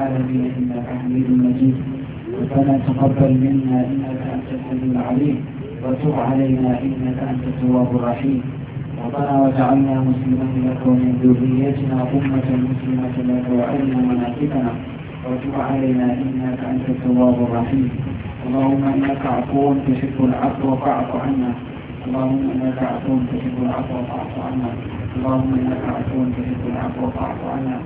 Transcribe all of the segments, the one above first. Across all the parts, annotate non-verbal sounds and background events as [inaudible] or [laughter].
العالمين انك حميد مجيد ربنا تقبل منا انك انت السميع العليم وتب علينا انك انت التواب الرحيم ربنا واجعلنا مسلمين لك ومن ذريتنا امه مسلمه لك وارنا مناسكنا وتب علينا انك انت التواب الرحيم اللهم انك عفو تحب العفو فاعف عنا اللهم انك عفو تحب العفو فاعف عنا اللهم انك عفو تحب العفو فاعف عنا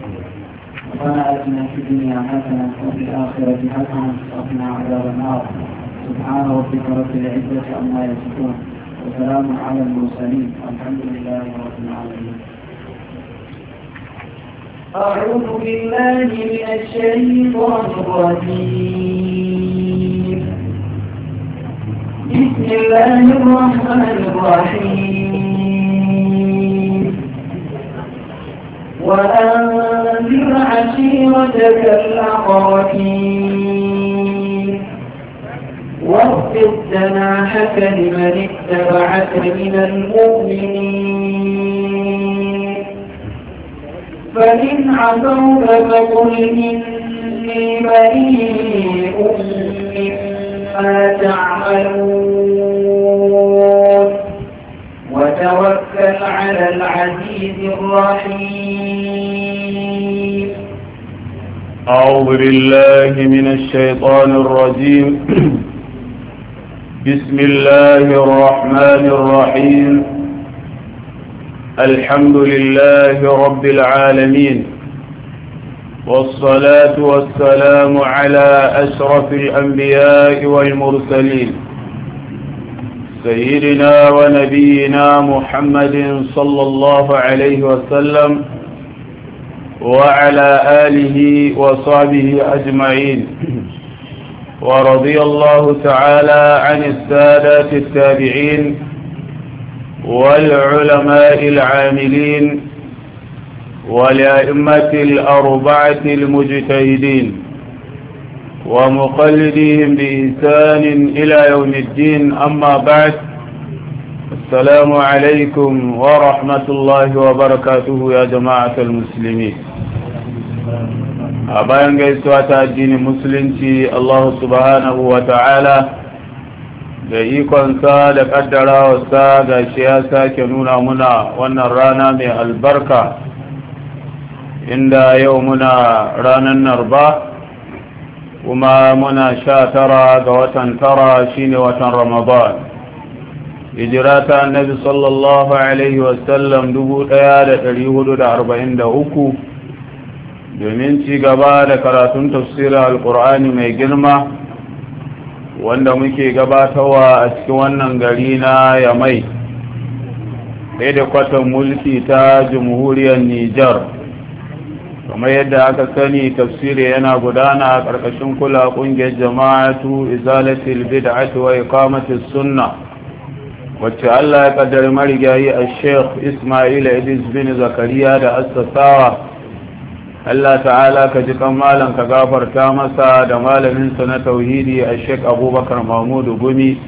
ربنا آتنا في الدنيا حسنة وفي الآخرة حسنة وقنا عذاب النار سبحان ربك رب العزة عما يصفون وسلام على المرسلين والحمد لله رب العالمين أعوذ بالله من الشيطان الرجيم بسم الله الرحمن الرحيم وأنذر عشيرتك الأقربين واغفر جناحك لمن اتبعك من المؤمنين فإن عفوك فقل إني بريء مما تعملون على العزيز الرحيم أعوذ بالله من الشيطان الرجيم بسم الله الرحمن الرحيم الحمد لله رب العالمين والصلاة والسلام على أشرف الأنبياء والمرسلين سيدنا ونبينا محمد صلى الله عليه وسلم وعلى آله وصحبه أجمعين ورضي الله تعالى عن السادات التابعين والعلماء العاملين والأئمة الأربعة المجتهدين ومقلديهم بإنسان إلى يوم الدين أما بعد السلام عليكم wa الله وبركاته يا جماعة المسلمين a bayan gaisuwa ta addinin musulunci Allahu subhanahu wa ta'ala da sa da kaddarawarsa ga shi ya sake nuna muna wannan rana mai albarka inda yau muna ranar narba kuma muna sha tara ga watan tara shine watan ramadan hijira ta annabi sallallahu alaihi wasallam 1443 domin ci gaba da karatun tafsirin alkur'ani mai girma wanda muke gabatawa a cikin wannan gari na yamai ɗaya da kwatan mulki ta jamhuriyar nijar kamar yadda aka sani tafsiri yana gudana a ƙarƙashin kula ƙungiyar jama'atu izalatul bid'ati wa iqamatis sunna? wacce Allah ya kaddari marigayi a sheikh Ismail Idris bin Zakariya da assasawa Allah ta'ala ka ji kan malam ka gafarta masa da malaminsa na tauhidi a sheikh Abubakar Mahmudu Gumi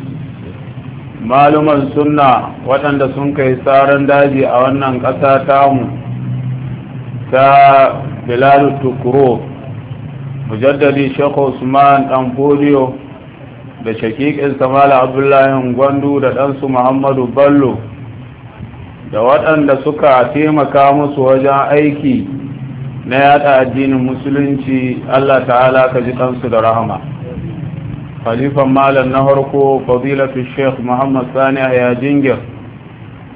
maluman sunna waɗanda sun kai tsaron daji a wannan ƙasa tamu ta Bilal Tukuro mujaddadi Sheikh Usman Danfodiyo da shakikin samala abdullahi gwandu da ɗansu muhammadu ballo da waɗanda suka taimaka musu wajen aiki na yada addinin musulunci allah ta'ala ka ji ɗansu da rahama khalifan malam na harko fadilatu sheikh muhammad sani a jingir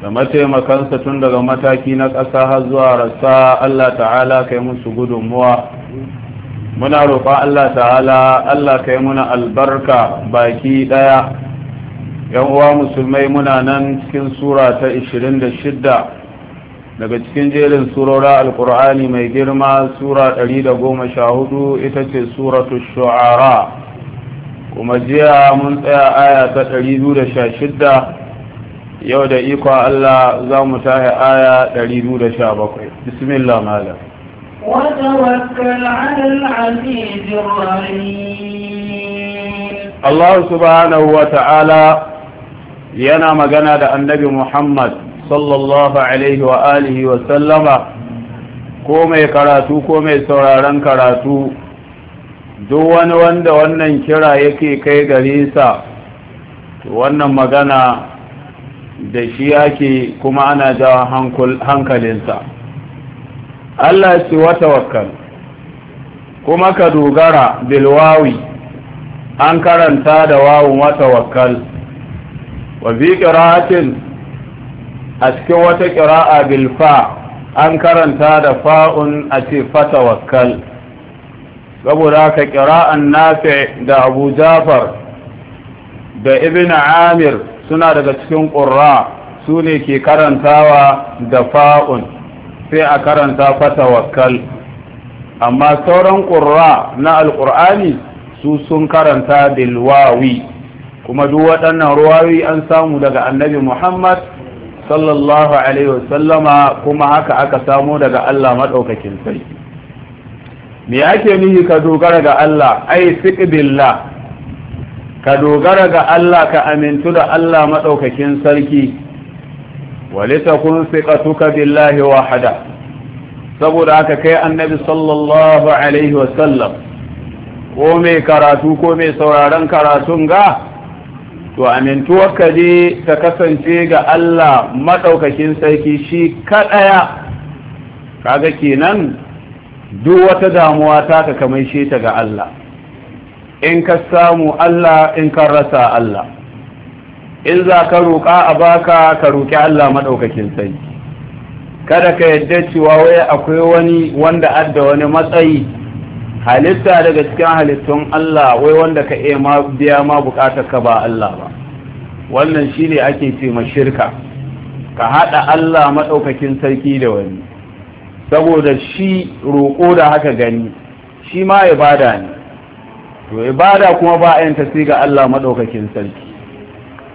da mataimakansa tun daga mataki na ƙasa har zuwa rasa allah ta'ala ka musu gudunmuwa muna roƙa Allah ta'ala Allah kai muna albarka baki ɗaya yan uwa musulmai muna nan cikin sura ta 26 daga cikin jerin surora alkur'ani mai girma sura 114 ita ce suratu shu'ara kuma jiya mun tsaya aya ta 216 yau da ikon Allah za mu tahi aya 217 bismillah malam وتوكل على العزيز الرحيم الله سبحانه وتعالى yana magana da annabi Muhammad sallallahu alaihi wa alihi wa sallama ko mai karatu ko mai sauraron karatu duk wani wanda wannan kira yake kai gare sa wannan magana da shi yake kuma ana jawa hankalinsa Allah ce wata wakkan kuma ka dogara bilwawi an karanta da wawun wata wakkal wa bi qira'atin a cikin wata ƙira'a bilfa an karanta da fa'un a ce fa tawakkal saboda ka qira'an nafi da Abu Jafar da Ibn Amir suna daga cikin qurra su ne ke karantawa da fa'un sai a karanta fata wakal, amma sauran ƙura na alƙur'ani su sun karanta bilwawi kuma duk waɗannan ruwawi an samu daga annabi muhammad sallallahu alaihi wasallama kuma haka aka samu daga allah maɗaukakin sarki me ake nihi ka dogara ga allah ai billah ka dogara ga allah ka amintu da allah maɗaukakin sarki walitakun siqatuka billahi wahada saboda aka kai annabi sallallahu alaihi sallam, ko mai karatu ko mai sauraron karatun ga to amintuwarka dai ta kasance ga Allah madaukakin sarki shi kaɗaya kaga kenan duk wata damuwa ta ka shi ta ga Allah in ka samu Allah in ka rasa Allah in za ka roƙa a baka ka roƙi Allah maɗaukakin sai kada ka yadda cewa wai akwai wani wanda adda wani matsayi halitta daga cikin halittun Allah wai wanda ka iya ma biya ma bukatar ka ba Allah ba wannan shine ake ce ma shirka ka haɗa Allah maɗaukakin sarki da wani saboda shi roƙo da haka gani shi ma ibada ne to ibada kuma ba a yanta sai ga Allah maɗaukakin sarki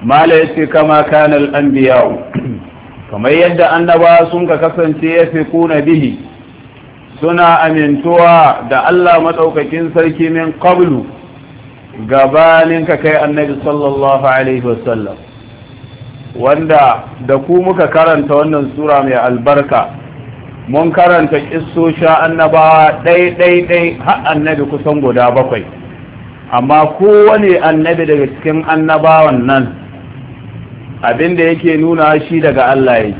mala yace kama kana al-anbiya'u [clears throat] kamar yadda annaba sun ka kasance ya fi kuna bihi suna amintuwa da Allah madaukakin sarki min qablu gabanin ka kai annabi sallallahu alaihi wasallam wanda da ku muka karanta wannan sura mai albarka mun karanta kissosha annabawa ɗai ɗai ɗai har annabi kusan guda bakwai amma kowane annabi daga cikin annabawan nan Abin da yake nuna shi daga Allah yake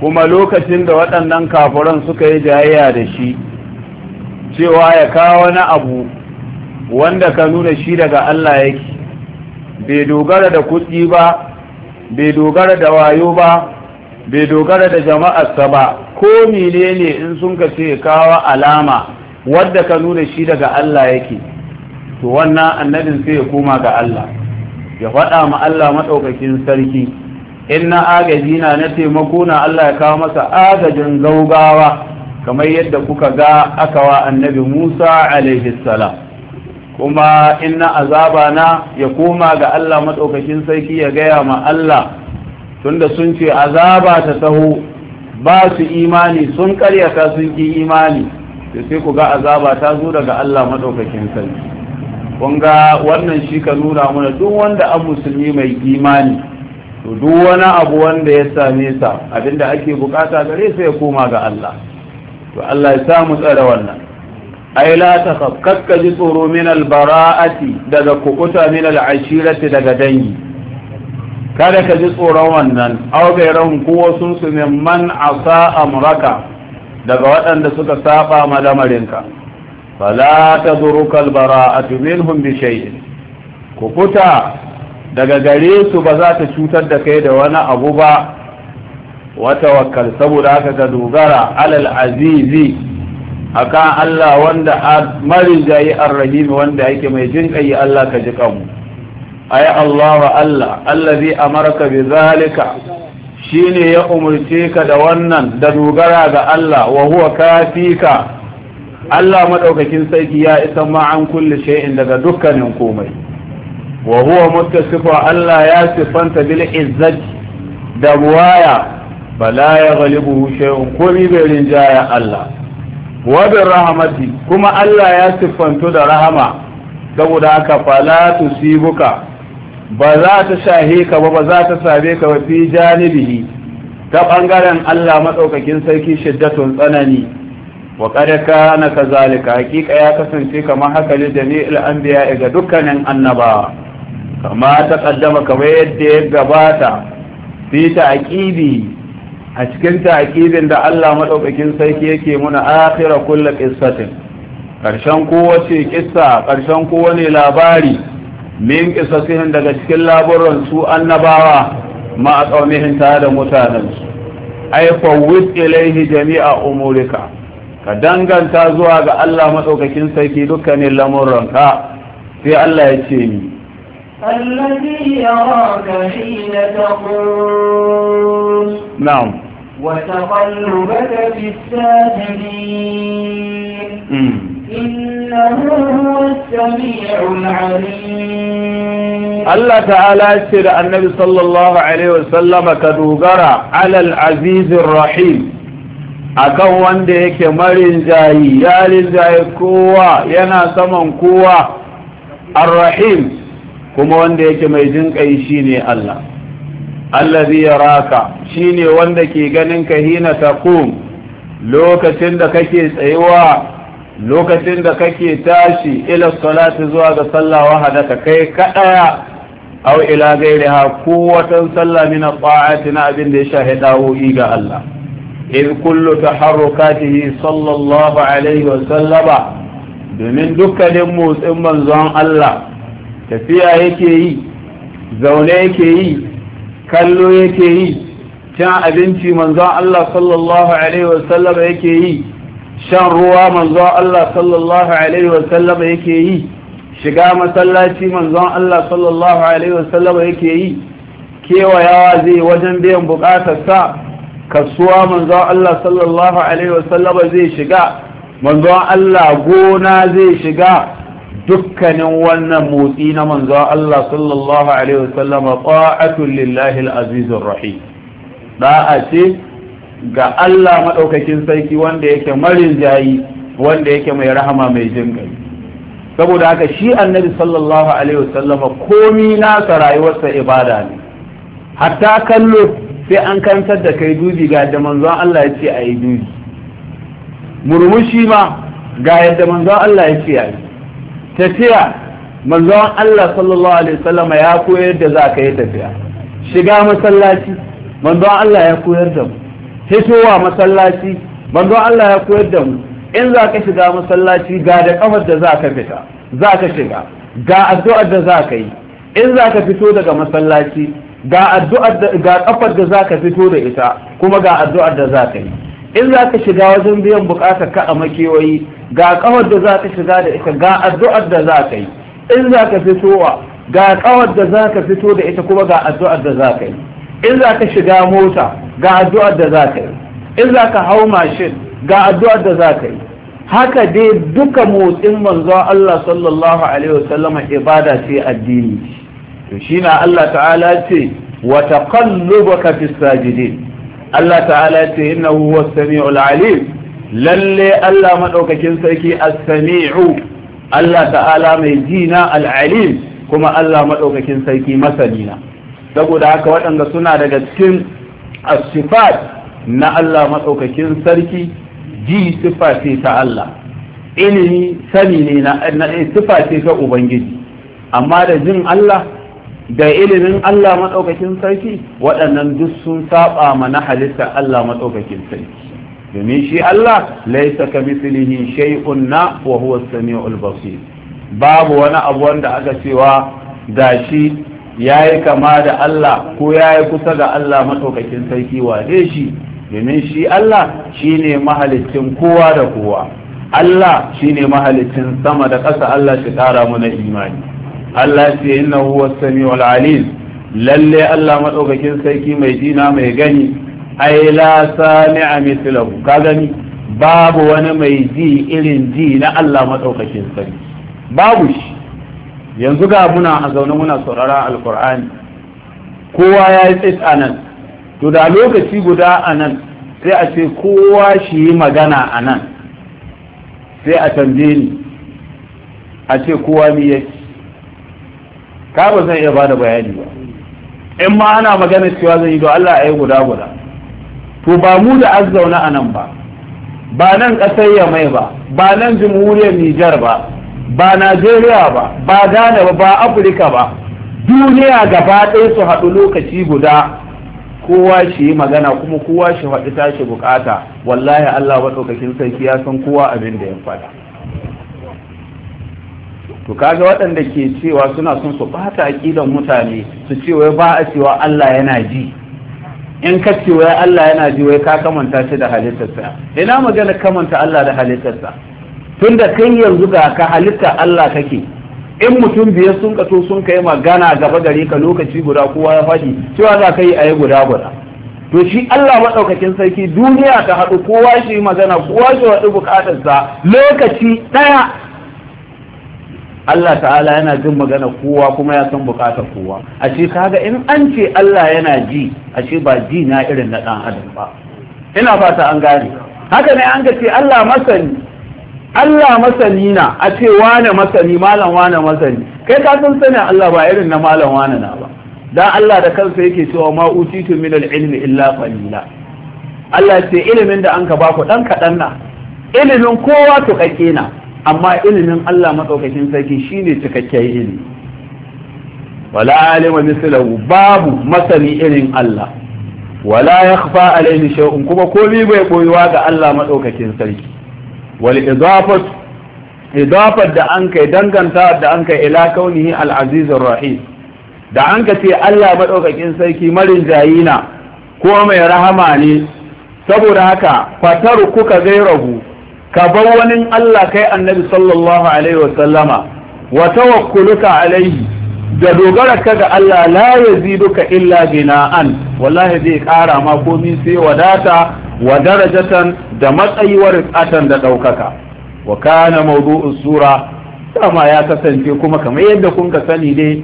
kuma lokacin da waɗannan kafuran suka yi jayayya da shi cewa ya kawo wani abu wanda ka nuna shi daga Allah yake bai dogara da kuɗi ba bai dogara da wayo ba bai dogara da jama'arsa ba ko menene in sun ka ce kawo alama wadda ka nuna shi daga Allah yake to wannan annabin sai ya koma ga Allah ya faɗa ma Allah maɗaukakin sarki in na agaji na na taimako na Allah ya kawo masa agajin gaugawa kamar yadda kuka ga aka wa annabi Musa alaihi salam kuma in na azaba na ya koma ga Allah maɗaukakin sarki ya gaya ma Allah tunda sun ce azaba ta taho ba su imani sun karyata sun ki imani sai ku ga azaba ta zo daga Allah maɗaukakin sarki kunga wannan shi ka nuna mana duk wanda an musulmi mai imani to duk wani abu wanda ya same sa abinda ake bukata gare sai ya koma ga Allah to Allah ya samu tsare wannan ai la takhaf kakka ji tsoro min al bara'ati daga kukuta min al ashirati daga dangi kada ka ji tsoro wannan aw ran ku wasu su man asa amraka daga waɗanda suka saba ma lamarinka fala ta zurukal bara'atu minhum bi shay'in ku fita daga Garesu su ba za ta cutar da kai da wani abu ba wata wakal saboda haka ka dogara alal azizi akan Allah wanda marijayi arrahimi wanda yake mai jin kai Allah ka ji kanmu ay Allah wa Allah allazi amarka bi zalika shine ya umurce ka da wannan da dogara ga Allah wa huwa kafika Allah maɗaukakin sarki ya isa ma an kulle shay'in daga dukkanin komai wa huwa muttasifu Allah ya sifanta bil izzat da buwaya bala ya ghalibu shay'un komai bai rinjaya Allah wa rahmati kuma Allah ya siffanto da rahama saboda haka fala tusibuka ba za ta shahe ka ba ba za ta same ka ba fi janibihi ta bangaren Allah madaukakin sarki shiddatun tsanani wa ƙarƙa na kazalika hakika ya kasance kamar haka ne jami'il anbiya ga dukkanin annaba kama ta kaddama kamar yadda ya gabata fi aƙidi a cikin ta'qibin da Allah madaukakin sarki yake muna akhira kulla qissatin karshen kowace kissa karshen kowane labari min qissatihin daga cikin laburan su annabawa ma a tsaumihin tare da mutanensu ai fawwid ilaihi jami'a umurika ka danganta zuwa ga Allah maɗaukakin sarki dukkanin lamurranka sai Allah ya ce ni. Allazi ya raka hina taqul. Na'am. Wa taqallubaka bis-sajidin. Mm. Innahu was-sami'ul 'alim. Allah ta'ala ce da Annabi sallallahu alaihi wa sallama ka dogara 'alal 'azizir akan wanda yake marin jayi ya rinjaye kowa yana saman kowa arrahim kuma wanda yake mai jin kai shine Allah allazi yaraka shine wanda ke ganin ka hina taqum lokacin da kake tsayuwa lokacin da kake tashi ila salati zuwa ga sallah ka kai kadaya aw ila gairiha ko watan sallah min ta'ati na abin da ya shahida ga Allah إذ كل تحركاته صلى الله عليه وسلم domin dukkanin motsin manzon Allah tafiya yake yi zaune yake yi kallo yake yi cin abinci manzon Allah sallallahu alaihi wasallama yake yi shan ruwa manzon Allah sallallahu alaihi wasallama yake yi shiga masallaci manzon Allah sallallahu alaihi wasallama yake yi kewayawa zai wajen biyan bukatarsa kasuwa manzon Allah sallallahu alaihi wasallama zai shiga manzon Allah gona zai shiga dukkanin wannan motsi na manzon Allah sallallahu alaihi wasallama ta'atul lillahi al-azizur rahim da'a ce ga Allah maɗaukakin sarki wanda yake marin jayi wanda yake mai rahama mai jin gari saboda haka shi annabi sallallahu alaihi wasallama komi nasa rayuwarsa ibada ne hatta kallo sai an kantar da kai dubi ga yadda manzon Allah ya ce a yi dubi murmushi ma ga yadda manzon Allah ya ce a yi tafiya manzon Allah sallallahu alaihi wasallam ya koyar da za ka yi tafiya shiga masallaci manzon Allah ya koyar da mu masallaci manzon Allah ya koyar da mu in za ka shiga masallaci ga da kafar da za ka fita za ka shiga ga addu'ar da za ka yi in za ka fito daga masallaci ga addu'ar da ga kafar da zaka fito da ita kuma ga addu'ar da zaka yi in zaka shiga wajen biyan bukatar ka a makewayi ga kafar da zaka shiga da ita ga addu'ar da zaka yi in zaka fitowa ga kawar da zaka fito da ita kuma ga addu'ar da zaka yi in zaka shiga mota ga addu'ar da zaka yi in zaka hau mashin ga addu'ar da zaka yi haka dai duka motsin manzo Allah sallallahu alaihi wasallama ibada ce addini to shi na Allah ta'ala ce wa taqallubaka fis sajidin Allah ta'ala ce innahu huwas sami'ul alim lalle Allah madaukakin sarki as-sami'u Allah ta'ala mai jina al-alim kuma Allah madaukakin sarki masanina saboda haka waɗanda suna daga cikin as-sifat na Allah madaukakin sarki ji sifa ta Allah ilimi sani ne na sifa ta ubangiji amma da jin Allah da ilimin Allah maɗaukakin sarki waɗannan duk sun saba mana halitta Allah maɗaukakin sarki domin shi Allah laisa ka mislihi shay'un na wa huwa samiul basir babu wani abu wanda aka cewa da shi yayi kama da Allah ko yayi kusa da Allah maɗaukakin sarki dai shi domin shi Allah shine mahalicin kowa da kowa Allah shine mahalicin sama da ƙasa Allah shi ƙara mana imani Allah ce inna huwa samiul alim lalle Allah madaukakin sarki mai jina mai gani ai la sami'a mislahu ka gani babu wani mai ji irin ji na Allah madaukakin sarki babu shi yanzu ga muna a zaune muna saurara alkur'ani kowa ya yi tsit a nan to da lokaci guda a nan sai a ce kowa shi yi magana a nan sai a tambaye ni a ce kowa ni yake ka ba zan iya bada bayani ba in ma ana magana cewa zan yi don Allah a yi guda guda to ba mu da azzauna a nan ba ba nan ƙasar yamai ba ba nan jamhuriyar nijar ba ba najeriya ba ba ghana ba ba afirka ba duniya gaba ɗaya su haɗu lokaci guda kowa shi yi magana kuma kowa shi faɗi tashi bukata wallahi allah maɗaukakin sarki ya san kowa abin da ya faɗa to kaga waɗanda ke cewa suna son su bata aƙidan mutane su ce wai ba a cewa Allah yana ji in ka ce wai Allah yana ji wai ka kamanta shi da halittarsa ina magana kamanta Allah da halittarsa tunda kai yanzu ga ka halitta Allah kake in mutum biyar sun kato sun kai magana gaba gare ka lokaci guda kowa ya fashi cewa za ka yi a yi guda guda to shi Allah maɗaukakin sarki duniya ta haɗu kowa shi magana kowa shi waɗu buƙatarsa lokaci ɗaya Allah ta'ala yana jin magana kowa kuma ya san bukatar kowa a ce kaga in an ce Allah yana ji a ce ba ji na irin na dan adam ba ina fata an gane haka ne an ga ce Allah masani Allah masani na a ce wane masani malam wane masani kai ka san sani Allah ba irin na malam wane na ba dan Allah da kansa yake cewa ma utitu min ilmi illa qalila Allah ce ilimin da an ka ba ku dan kadan na ilimin kowa to kake na amma ilimin Allah maɗaukakin sarki shine cikakken ilimi wala alima mislahu babu masani irin Allah wala yakhfa alaihi shay'un kuma komai bai koyuwa ga Allah maɗaukakin sarki wal idafat idafat da an kai danganta da an kai ila kaunihi al azizur rahim da an ka ce Allah maɗaukakin sarki marin jayina ko mai rahama ne saboda haka fatar kuka gairahu ka bar wani Allah kai annabi sallallahu alaihi wa sallama wa tawakkuluka alaihi da dogara ka ga Allah la yaziduka illa bina'an wallahi zai kara ma komi sai wadata wa darajatan da matsayi wa rikatan da daukaka wa kana mawdu'us sura dama ya kasance kuma kamar yadda kun ka sani dai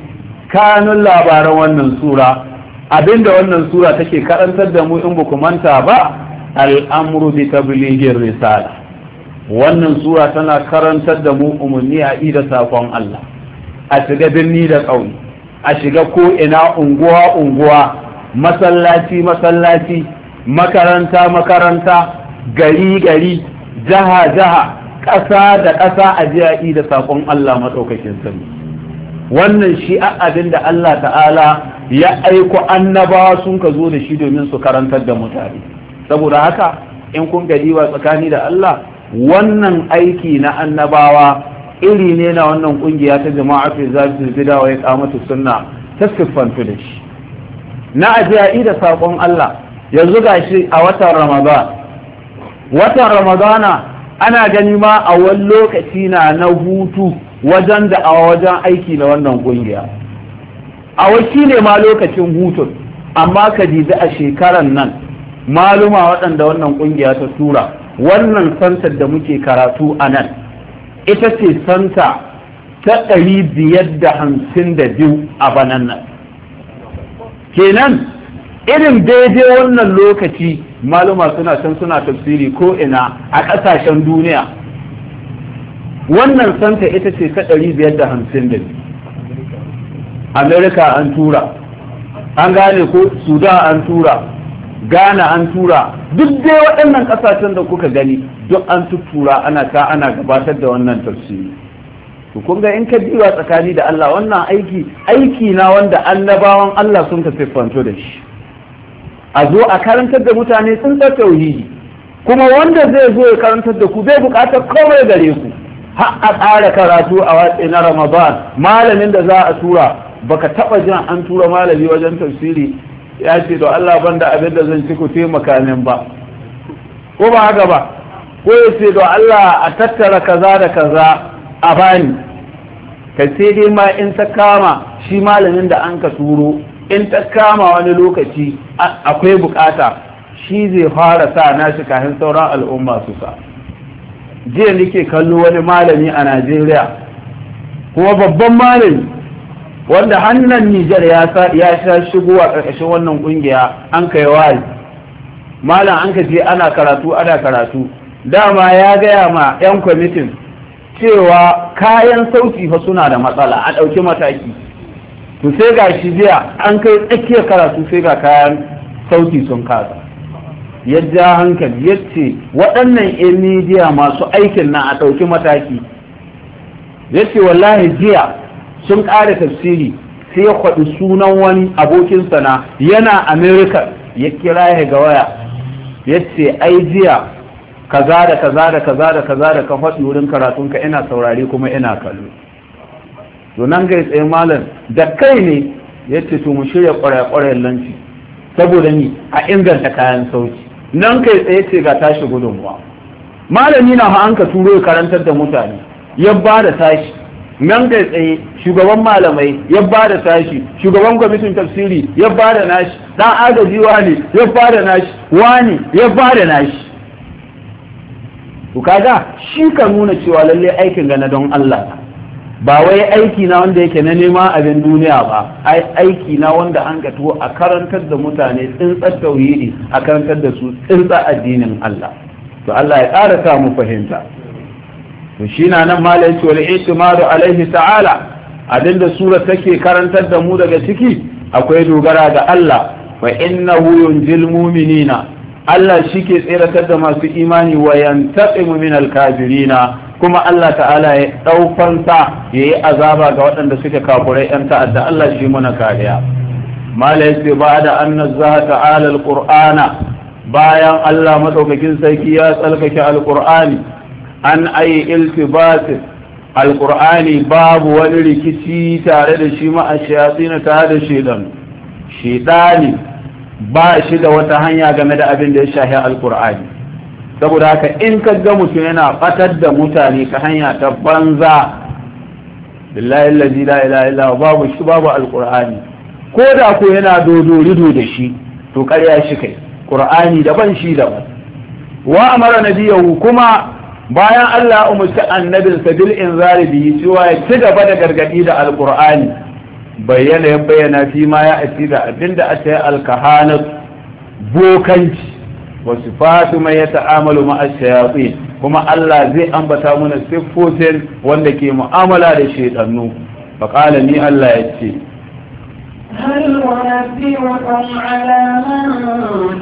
kanun labaran wannan sura abinda wannan sura take karantar da mu in ku manta ba al'amru bi tablighir risala wannan sura tana karantar da mu umarni a ida sakon Allah a shiga birni da ƙauni a shiga ko ina unguwa unguwa masallaci masallaci makaranta makaranta gari gari jaha jaha ƙasa da ƙasa a je a ida sakon Allah maɗaukakin sani wannan shi abin da Allah ta'ala ya aiko annabawa sun ka zo da shi domin su karantar da mutane saboda haka in kun gari wa tsakani da Allah wannan aiki na annabawa iri ne na wannan kungiya ta jama'a jama'atu zalisul bid'a wa iqamatu sunna ta siffantu da shi na ajiya da saƙon Allah yanzu ga shi a watan Ramadan watan Ramadana ana gani ma a wani lokaci na na hutu wajen da a wajen aiki na wannan kungiya a wasu ne ma lokacin hutun amma ka a shekaran nan maluma waɗanda wannan kungiya ta tura wannan santar da muke karatu a nan ita ce santa ta ɗari biyar da hamsin da biyu a banan nan kenan irin daidai wannan lokaci maluma suna can suna tafsiri ko ina a ƙasashen duniya wannan santa ita ce ta ɗari biyar da hamsin da biyu amerika an tura an gane ko sudan an tura gana an tura duk dai waɗannan ƙasashen da kuka gani duk an tuttura ana ta ana gabatar da wannan tafsiri to kun ga in ka diba tsakani da Allah wannan aiki aiki na wanda annabawan Allah sun tafi da shi a zo a karantar da mutane sun ta tauhidi kuma wanda zai zo ya karantar da ku bai buƙatar komai gare ku har a tsara karatu a watsi na Ramadan malamin da za a tura baka taba jin an tura malami wajen tafsiri ya ce to Allah ban da abin da zan ci ku taimaka min ba ko ba haka ba ko ya ce to Allah a tattara kaza da kaza a bani ka sai dai ma in ta kama shi malamin da an ka turo in ta kama wani lokaci akwai bukata shi zai fara sa na shi kafin sauran al'umma su sa jiya nake kallo wani malami a Najeriya kuma babban malami wanda hannun Nijar ya sha shigo a ƙarƙashin wannan ƙungiya an kai wali malam an ka ce ana karatu ana karatu dama ya gaya ma 'yan kwamitin cewa kayan sauti fa suna da matsala a ɗauki mataki to sai ga shi jiya an kai tsakiyar karatu sai ga kayan sauti sun kasa ya hankali ya ce waɗannan 'yan midiya masu aikin na a ɗauki mataki ya ce wallahi jiya sun ƙara tafsiri sai ya kwaɗi sunan wani abokinsa na yana amerika ya kira ya ga waya ya ce ai jiya kaza da kaza da kaza da kaza da ka faɗi wurin karatunka ina saurari kuma ina kallo to nan gai tsaye malam da kai ne ya ce to mu shirya ƙwarya-ƙwaryan lanci saboda ni a inganta kayan sauki nan kai tsaye ce ga tashi gudunmuwa malami na ha'anka ka turo karantar da mutane ya ba da tashi nan kai tsaye shugaban malamai ya ba da tashi shugaban kwamitin tafsiri ya ba da nashi dan agaji wani ya ba da nashi wani ya ba da nashi kaga shi ka nuna cewa lalle aikin gana don Allah ba wai aiki na wanda yake na nema abin duniya ba ai aiki na wanda an gato a karantar da mutane tsintsar tauhidi a karantar da su tsintsar addinin Allah to Allah ya ƙara mu fahimta to shi na nan mala wani wal i'timadu alaihi ta'ala abinda sura take karantar da mu daga ciki akwai dogara ga Allah wa inna yunjil mu'minina Allah shi ke tseratar da masu imani wa yantaqimu min al-kafirina kuma Allah ta'ala ya ɗaufansa ya yi azaba ga waɗanda suke kafurai 'yan ta'adda Allah shi muna kariya mala ya ba da an nazaha ta'ala al-qur'ana bayan Allah maɗaukakin sarki ya tsalkake al-qur'ani an ayi iltibatin alkur'ani babu wani rikici tare da shi ma'a shayatsina tare da shaidan shaidani ba shi da wata hanya game da abin da ya shahi alkur'ani saboda haka in ka ga mutum yana fatar da mutane ka hanya ta banza billahi allazi la ilaha illa babu shi babu alkur'ani ko da ko yana dodorido da shi to karya shi kai qur'ani daban shi daban wa amara nabiyahu kuma bayan Allah umarci annabin sa bil inzari bihi cewa ya ci gaba da gargadi da alqur'ani bayyana ya bayyana fi ma ya ati da abinda aka yi alkahana bokanci wa sifatu man yata'amalu ma'a shayatin kuma Allah zai ambata mana siffofin wanda ke mu'amala da shaytanu fa qala ni Allah yace هل أنبئكم على من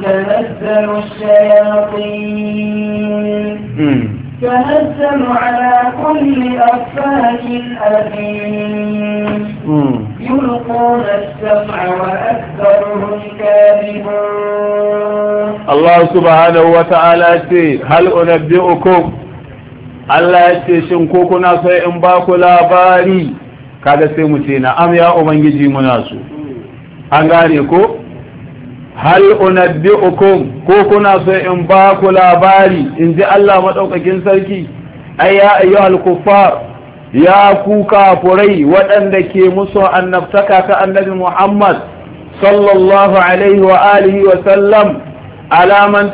تنزل الشياطين تنزل على كل أفاك أثيم يلقون السمع وأكثرهم كاذبون الله سبحانه وتعالى هل أنبئكم Allah ya ce shin ko kuna sai in ba ku labari Kada sai mu ce na'am ya ubangiji muna su. an gane ko hal unabbi'ukum ko kuna so in ba ku labari in ji Allah maɗaukakin sarki ay ya ayyuhal kuffar ya ku kafurai waɗanda ke musu annabtaka ta annabi Muhammad sallallahu alaihi wa alihi wa sallam ala man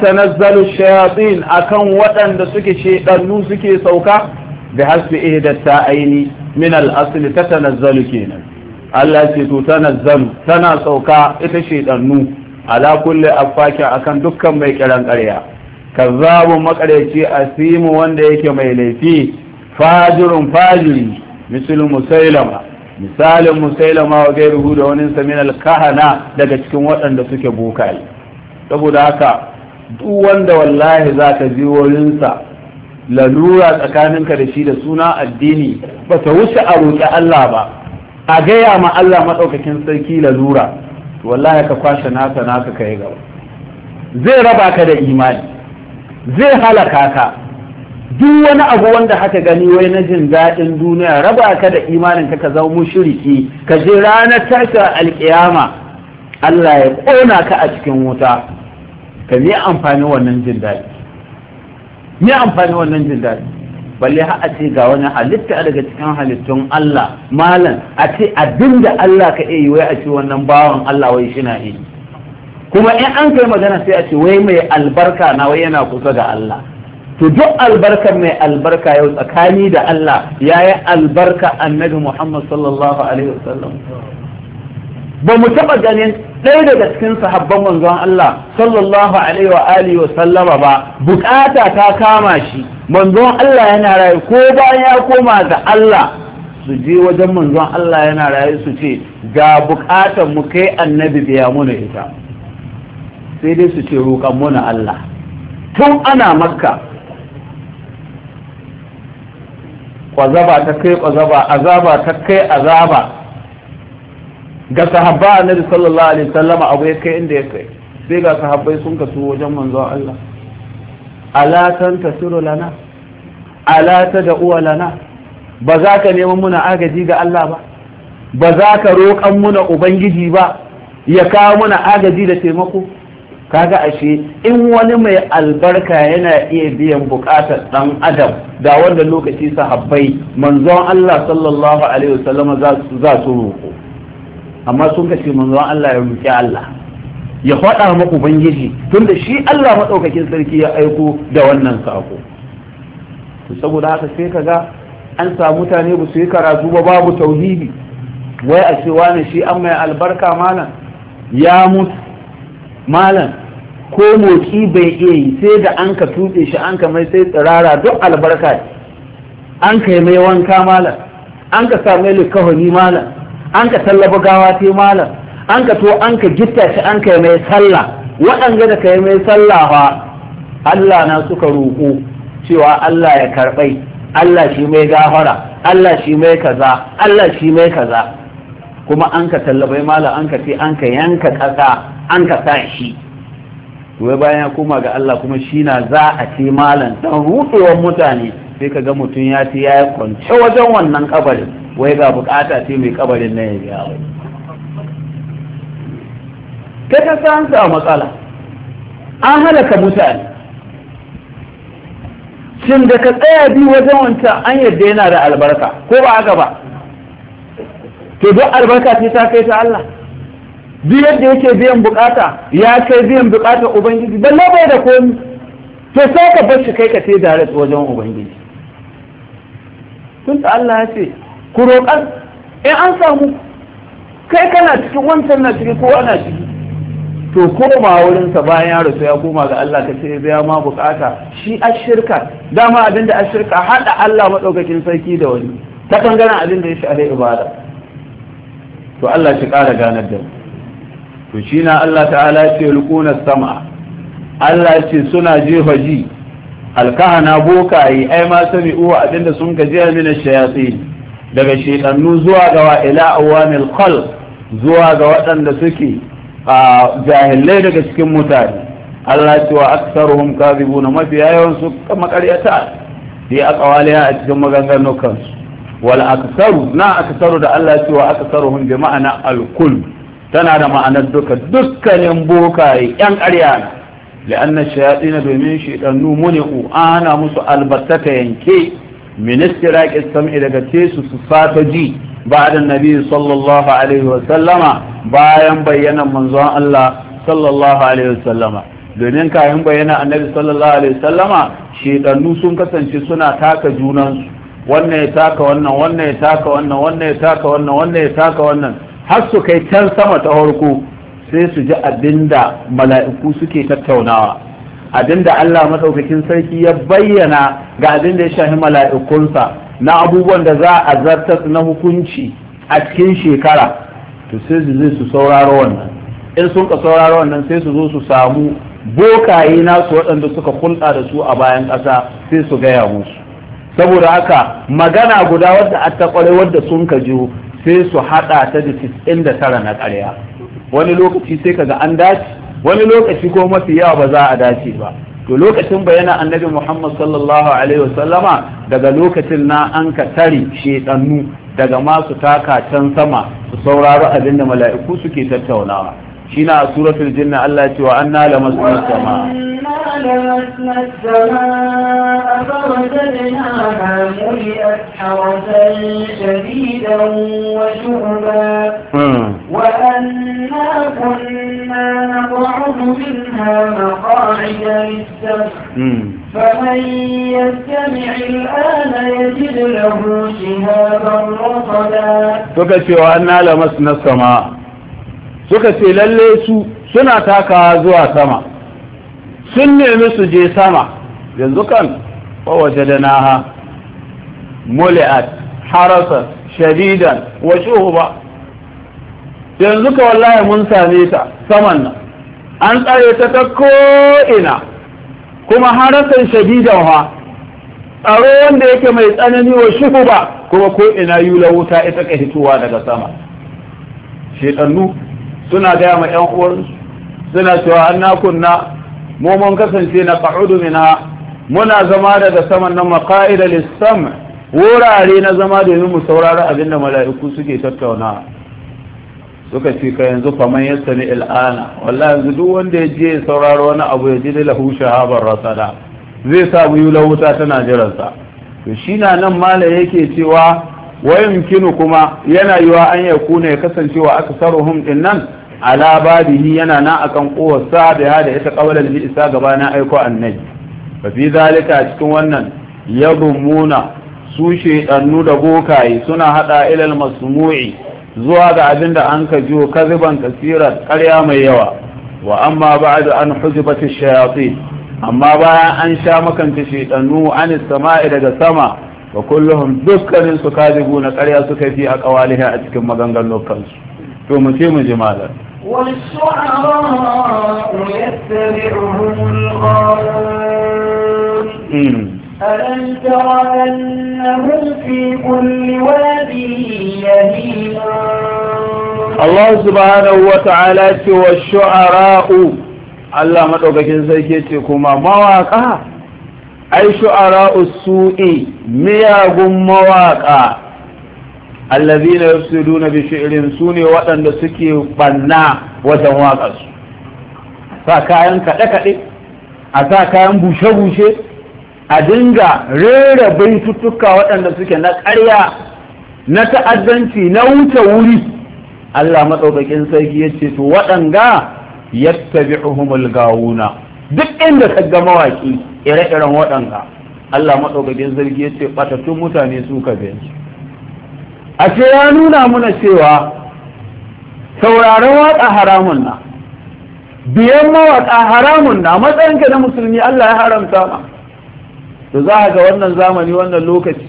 shayatin akan waɗanda suke shedannu suke sauka bi hasbi ihdat ta'aini min al-asl tatanazzalu kenan Allah ce to tanazzalu tana sauka ita shedannu ala kulli afaki akan dukkan mai kiran ƙarya kazzabu makareci asimu wanda yake mai laifi fajirun fajiri misalin musailama misalin musailama wa gairuhu da wani samin alkahana daga cikin waɗanda suke bukai saboda haka duk wanda wallahi za ka ji wurinsa lalura tsakaninka da shi da suna addini ba ta wuce a roƙi Allah ba a gaya ma Allah maɗaukakin sarki lalura wallahi ka kwashe nasa nasa ka yi gaba zai raba ka da imani zai halaka ka duk wani abu wanda haka gani wai na jin daɗin duniya raba ka da imanin ka ka zama mushriki ka ji ranar tashin alkiyama Allah ya ƙona ka a cikin wuta ka me amfani wannan jin daɗi me amfani wannan jin daɗi balle har a ce ga wani halitta daga cikin halittun Allah malam a ce abinda Allah ka iya yi wai a ce wannan bawan Allah wai shi na yi kuma in an kai magana sai a ce wai mai albarka na wai yana kusa ga Allah to duk albarkar mai albarka yau tsakani da Allah yayi albarka annabi Muhammad sallallahu alaihi wasallam ba mu taɓa ganin ɗaya daga cikin sahabban manzon Allah sallallahu alaihi wa alihi wa sallama ba bukata ta kama shi manzon Allah yana rayu ko bayan ya koma ga Allah su je wajen manzon Allah yana rayu su ce ga bukatan mu kai annabi biya muna ita sai dai su ce roƙan muna Allah tun ana makka kwazaba ta kai kwazaba azaba ta kai azaba ga sahabba da sallallahu alaihi sallama abu ya kai inda ya kai sai ga sahabbai sun kasu wajen manzo Allah ala tan tasiru lana ala uwa lana ba za ka neman muna agaji ga Allah ba ba za ka roƙan muna ubangiji ba ya kawo muna agaji da taimako kaga ashe in wani mai albarka yana iya biyan bukatar dan adam da wanda lokaci sahabbai manzon Allah sallallahu alaihi wasallama za su roƙo amma sun kace manzon Allah ya roki Allah ya faɗa maku Tun tunda shi Allah madaukakin sarki ya aiko da wannan sako saboda haka sai kaga an samu mutane ba su yi karatu ba babu tauhidi wai a ce wani shi an mai albarka malam ya mutu malam ko motsi bai iya yi sai da an ka tuɗe shi an ka mai sai tsirara duk albarka an ka yi mai wanka malam an ka sami likahoni malam an ka tallafa gawa te malam an ka to an ka gitta shi an kai mai sallah waɗanda da yi mai sallah fa Allah na suka roƙo cewa Allah ya karɓai Allah shi mai gafara Allah shi mai kaza Allah shi mai kaza kuma an ka tallabai malam an ka ce an ka yanka ƙasa an ka sa shi wai bayan ya koma ga Allah kuma shi na za a ce malam dan rudewar mutane sai ka ga mutum ya ce ya kwance wajen wannan kabarin wai ga bukata ce mai kabarin nan ya biya wai kai ka ta sa matsala an halaka mutane shin da ka tsaya bi wajen wancan an yadda yana da albarka ko ba haka ba to duk albarka ce ta kai ta Allah duk yadda yake biyan bukata ya kai biyan bukata ubangiji balle bai da komi to sai ka bar shi kai ka sai da wajen ubangiji tun da Allah ya ce ku roƙar in an samu kai kana cikin wancan na ciki ko ana ciki to koma wurinsa bayan ya rasu ya koma ga Allah ka ce ya ma bukata shi ashirka dama abin da ashirka haɗa Allah maɗaukakin sarki da wani ta ɓangaren abin da ya shi ibada to Allah shi ƙara ganar da to shi na Allah ta'ala ce lukuna sama Allah ce suna jefa ji alkahana bokaye ai ma uwa abin da sun gajiya mini shayatsi daga shedannu zuwa ga wa awamil zuwa ga waɗanda suke jahilai daga cikin mutane Allah cewa aktsaruhum kadhibun mafi yawan su makaryata sai aqwaliya a cikin maganganun kansu wal aktsaru na aktsaru da Allah cewa aktsaruhum bi ma'ana al tana da ma'anar duka dukkanin bokaye yan ƙarya na la'anna shayatin domin shedannu muni'u ana musu ta yanke min istiraqis sam'i daga ce su su fata ji ba'da nabi sallallahu alaihi wa sallama bayan bayyana manzon Allah sallallahu alaihi wa sallama domin kayan bayyana annabi sallallahu alaihi sallama shedannu sun kasance suna taka junansu wannan ya taka wannan wannan ya taka wannan wannan ya taka wannan har su kai can sama ta farko sai su ji abinda mala'iku suke tattaunawa abinda Allah madaukakin sarki ya bayyana ga abin da ya shafi mala'ikunsa na abubuwan da za a zartar na hukunci a cikin shekara to sai su zai su sauraro wannan in sun ka sauraro wannan sai su zo su samu bokaye nasu waɗanda suka hulɗa da su a bayan ƙasa sai su gaya musu saboda haka magana guda wadda a taƙware wadda sun ka jiho sai su haɗa ta da 99 na ƙarya wani lokaci sai kaga an dace wani lokaci ko mafi yawa ba za a dace ba to lokacin bayanan annabi Muhammad sallallahu alaihi wasallama daga lokacin na an ka tare shedannu daga masu taka can sama su sauraro abinda mala'iku suke tattaunawa shine a suratul jinna Allah ya ce wa anna lamasna samaa لمسنا السماء فوجدناها ملئت حرسا شديدا وشهبا وأنا كنا نقعد منها مقاعد للسفر فمن يستمع الآن يجد له شهابا رصدا فكتي أنا لمسنا السماء suka ce lalle su suna takawa zuwa sama sun nemi su je sama yanzu kan wawace da na ha muli'at harasa shadidan wace ba yanzu ka wallahi mun same ta saman nan an tsare ta ta ko'ina kuma harasan shadidan ha tsaro wanda yake mai tsanani wa shuhu ba kuma ko'ina yula wuta ita ka hituwa daga sama shekannu suna gaya ma yan uwansu suna cewa anna kunna mu mun kasance na qa'udu mina muna zama daga saman nan maqa'ida lis wurare na zama da mu saurara abinda mala'iku suke tattauna suka ce ka yanzu faman yastami il'ana. wallahi yanzu duk wanda ya je sauraro wani abu ya ji da lahu shahabar rasala zai sa yula wuta tana jiransa to shi na nan malam yake cewa wayan kinu kuma yana yiwa an ya kuna ya kasancewa aka saruhum din nan ala babihi yana na akan kowarsa da ya da ita kawalan bi isa gaba na aiko annabi Ba fi zalika cikin wannan yadumuna su shaidannu da bokaye suna hada ilal masmu'i zuwa ga abin da an ka jiyo kaziban kasirar karya mai yawa wa amma ba'du an hujibati shayatin amma bayan an sha makanta shaidannu an sama'i daga sama wa kulluhum dukkanin su kazibu na ƙarya suka fi a kawalihi a cikin maganganun kansu to mu ce mu ji والشعراء يتبعهم الغاوون ألم تر أنهم في كل وادي يهيمون الله سبحانه وتعالى والشعراء Allah maɗaukakin sarki ce kuma mawaƙa ai shu'ara su'i miyagun allazina na bi shi'rin sune waɗanda suke banna wajen waƙar su sa kayan kaɗe kaɗe a sa kayan bushe bushe a dinga rera baitutuka waɗanda suke na ƙarya na ta'addanci na wuce wuri Allah maɗaukakin sarki ya ce to waɗanga yattabi'uhumul gawuna duk inda ka ga mawaƙi ire-iren waɗanga Allah maɗaukakin sarki ya ce ɓatattun mutane su ka biyan a ce ya nuna mana cewa sauraron waka haramun na biyan mawaƙa haramun na matsayinka na musulmi Allah ya haramta ma to za ga wannan zamani wannan lokaci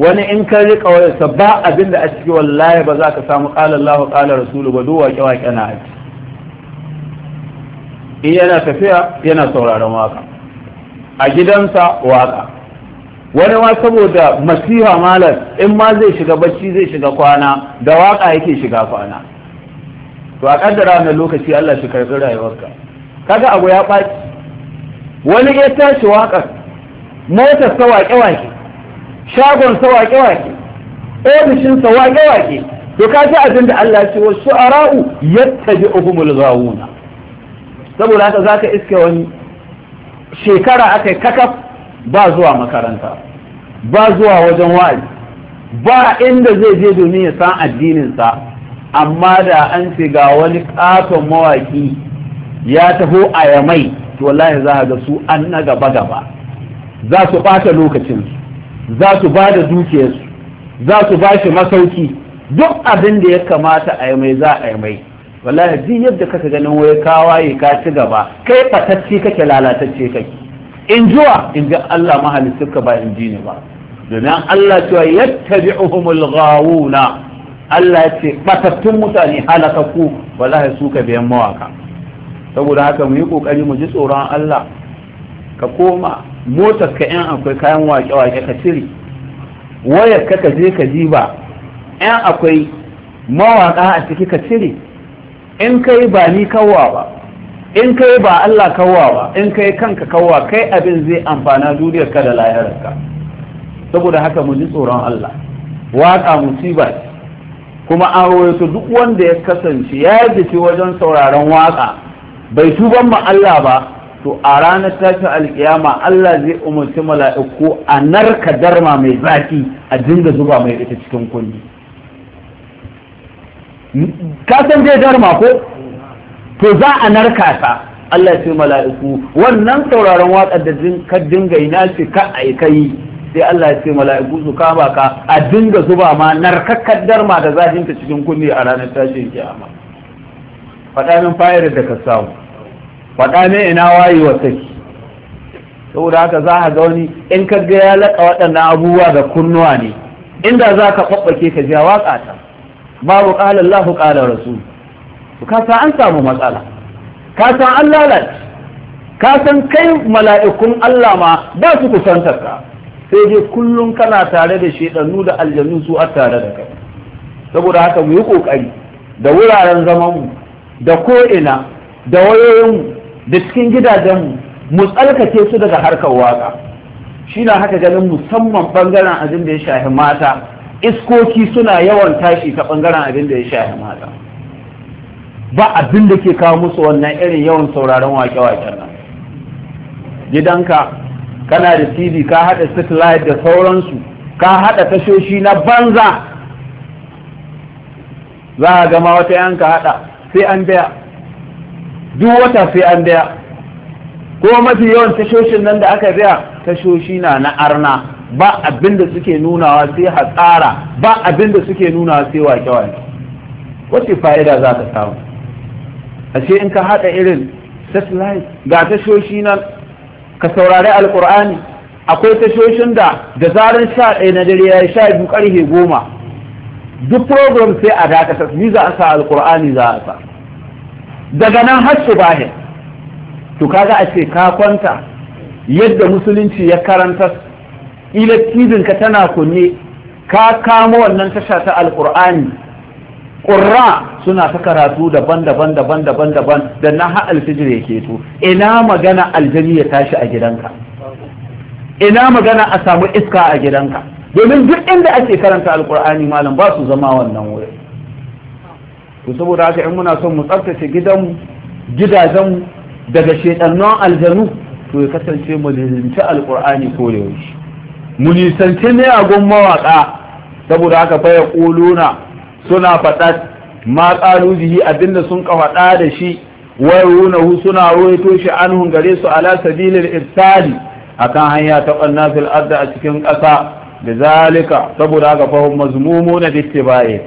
wani in ka riƙa wayarsa ba abin da a ciki wallahi ba za ka samu ƙalar lahu ƙalar rasulu ba duk na aji in yana tafiya yana sauraron waka a gidansa waƙa wani ma saboda masiha malam in ma zai shiga bacci zai shiga kwana da waka yake shiga kwana to a kaddara wannan lokaci Allah shi karbi rayuwarka kaga abu ya ɓaci wani ya tashi waƙar motar sa waƙe-waƙe shagon sa waƙe-waƙe ofishin sa waƙe-waƙe to ka ji abin da Allah ya ce wa su'ara'u yattabi'uhumul ghawuna saboda haka zaka iske wani shekara akai kakaf ba zuwa makaranta ba zuwa wajen wa'azi ba inda zai je domin ya san addininsa amma da an ce ga wani katon mawaki ya taho a yamai to wallahi za ga su an na gaba gaba za su ɓata lokacinsu za su ba da dukiyarsu za su ba masauki duk abin da ya kamata a yamai za a yamai. wallahi duk yadda kaka ganin wai kawaye ka ci gaba kai fatacce kake lalatacce kake in zuwa in ga Allah mahalittaka ba in ji ne ba domin Allah cewa uhumul na, Allah ya ce batattun mutane halakaku ba za su ka biyan mawaka saboda haka mu yi kokari mu ji tsoron Allah ka koma motar ka yan akwai kayan wake-wake ka cire wayar ka ka je ka ba yan akwai mawaka a ciki ka cire in kai ba ni kawwa ba in kai ba Allah kawwa ba in kai kanka kawwa kai abin zai amfana duniyar ka da lahirarka saboda haka mu ji tsoron Allah waka musiba kuma an rawaito duk wanda ya kasance ya jici wajen sauraron waka bai tuban mu Allah ba to a ranar tashin alkiyama Allah zai umarci mala'iku a narka darma mai zaki a dinga zuba mai ita cikin kunni ka san zai darma ko to za a narka ta Allah ya ce mala'iku wannan sauraron watsar da ka dinga yi na ce ka aikai sai Allah ya ce mala'iku su kama ka a dinga zuba ma narkakkar darma da zafinta cikin kunne a ranar tashin kiyama faɗa min fayar da ka samu faɗa min ina wayewa take saboda haka za a ga wani in ka ga ya laƙa waɗannan abubuwa da kunnuwa ne inda za ka ɓaɓɓake ka je waƙa ta babu ƙalallahu ƙalar rasulu ka san an samu matsala ka san an lalace ka san kai mala'ikun Allah ma ba su kusantar ka sai dai kullum kana tare da shaidannu da aljannu su a tare da kai saboda haka mu yi kokari da wuraren zaman da ko'ina da wayoyinmu da cikin gidajenmu mu tsalkace su daga harkar waka shi na haka ganin musamman ɓangaren abin da ya shafi mata iskoki suna yawan tashi ta ɓangaren abin da ya shafi mata ba abin da ke kawo musu wannan irin yawan sauraron wake-waken nan gidanka kana da tv ka haɗa satellite da sauransu ka haɗa tashoshi na banza za a gama wata yanka haɗa sai an daya duk wata sai an daya ko mafi yawan tashoshin nan da aka biya tashoshi na na arna ba abin da suke nunawa sai hatsara ba abin da suke nunawa sai wake-wake wace fa'ida za ka samu ashe in ka haɗa irin satellite ga tashoshi nan ka saurari alkur'ani akwai tashoshin da da zarar sha ɗaya na dare ya sha biyu ƙarfe goma duk program sai a dakata ni za a sa alkur'ani za a sa daga nan har su shi. to kaga a ce ka kwanta yadda musulunci ya karanta ila ka tana kunne ka kama wannan tasha ta alkur'ani ƙurra suna ta karatu daban-daban daban-daban daban da na ha alfijir ya keto ina magana aljani ya tashi a gidanka ina magana a samu iska a gidanka domin duk inda ake karanta Alƙur'ani, malam ba su zama wannan wuri to saboda haka in muna son mu tsaftace gidanmu gidajenmu daga shedannon aljanu to ya kasance mu lilinci Alƙur'ani ko da yaushe mu nisanci miyagun mawaƙa saboda haka fa ya ƙuluna suna faɗa ma ƙalu bihi abinda sun kafaɗa da shi wayunahu suna ruwaito shi an hungare su ala sabilil ibtali akan hanya ta ƙanna fil arda a cikin ƙasa da zalika saboda haka fahim mazmumu na dittibaye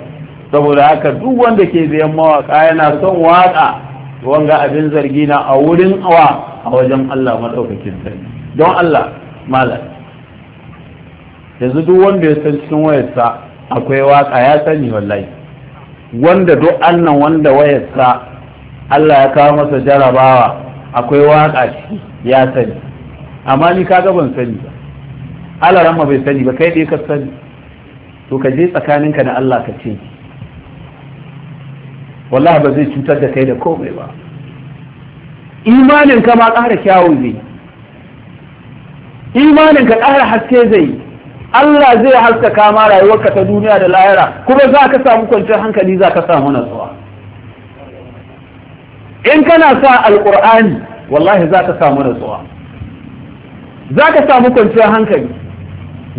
saboda haka duk wanda ke biyan mawaƙa yana son waƙa wanga abin zargi na a wurin awa a wajen Allah maɗaukakin sarki don Allah malam yanzu duk wanda ya san cikin wayarsa akwai waka ya sani wallahi wanda duk annan wanda wayarsa Allah ya kawo masa jarabawa akwai waka ya sani amma ni kaga ban sani ba Allah ma bai sani ba kai dai ka sani to ka je tsakaninka da Allah ka ce wallahi ba zai cutar da kai da komai ba imanin ka ma ƙara kyawun zai imanin ka ƙara haske zai Allah zai haskaka ma rayuwarka ta duniya da lahira kuma za ka samu kwanciyar hankali za ka samu natsuwa in kana sa alƙur'ani wallahi za ka samu natsuwa za ka samu kwanciyar hankali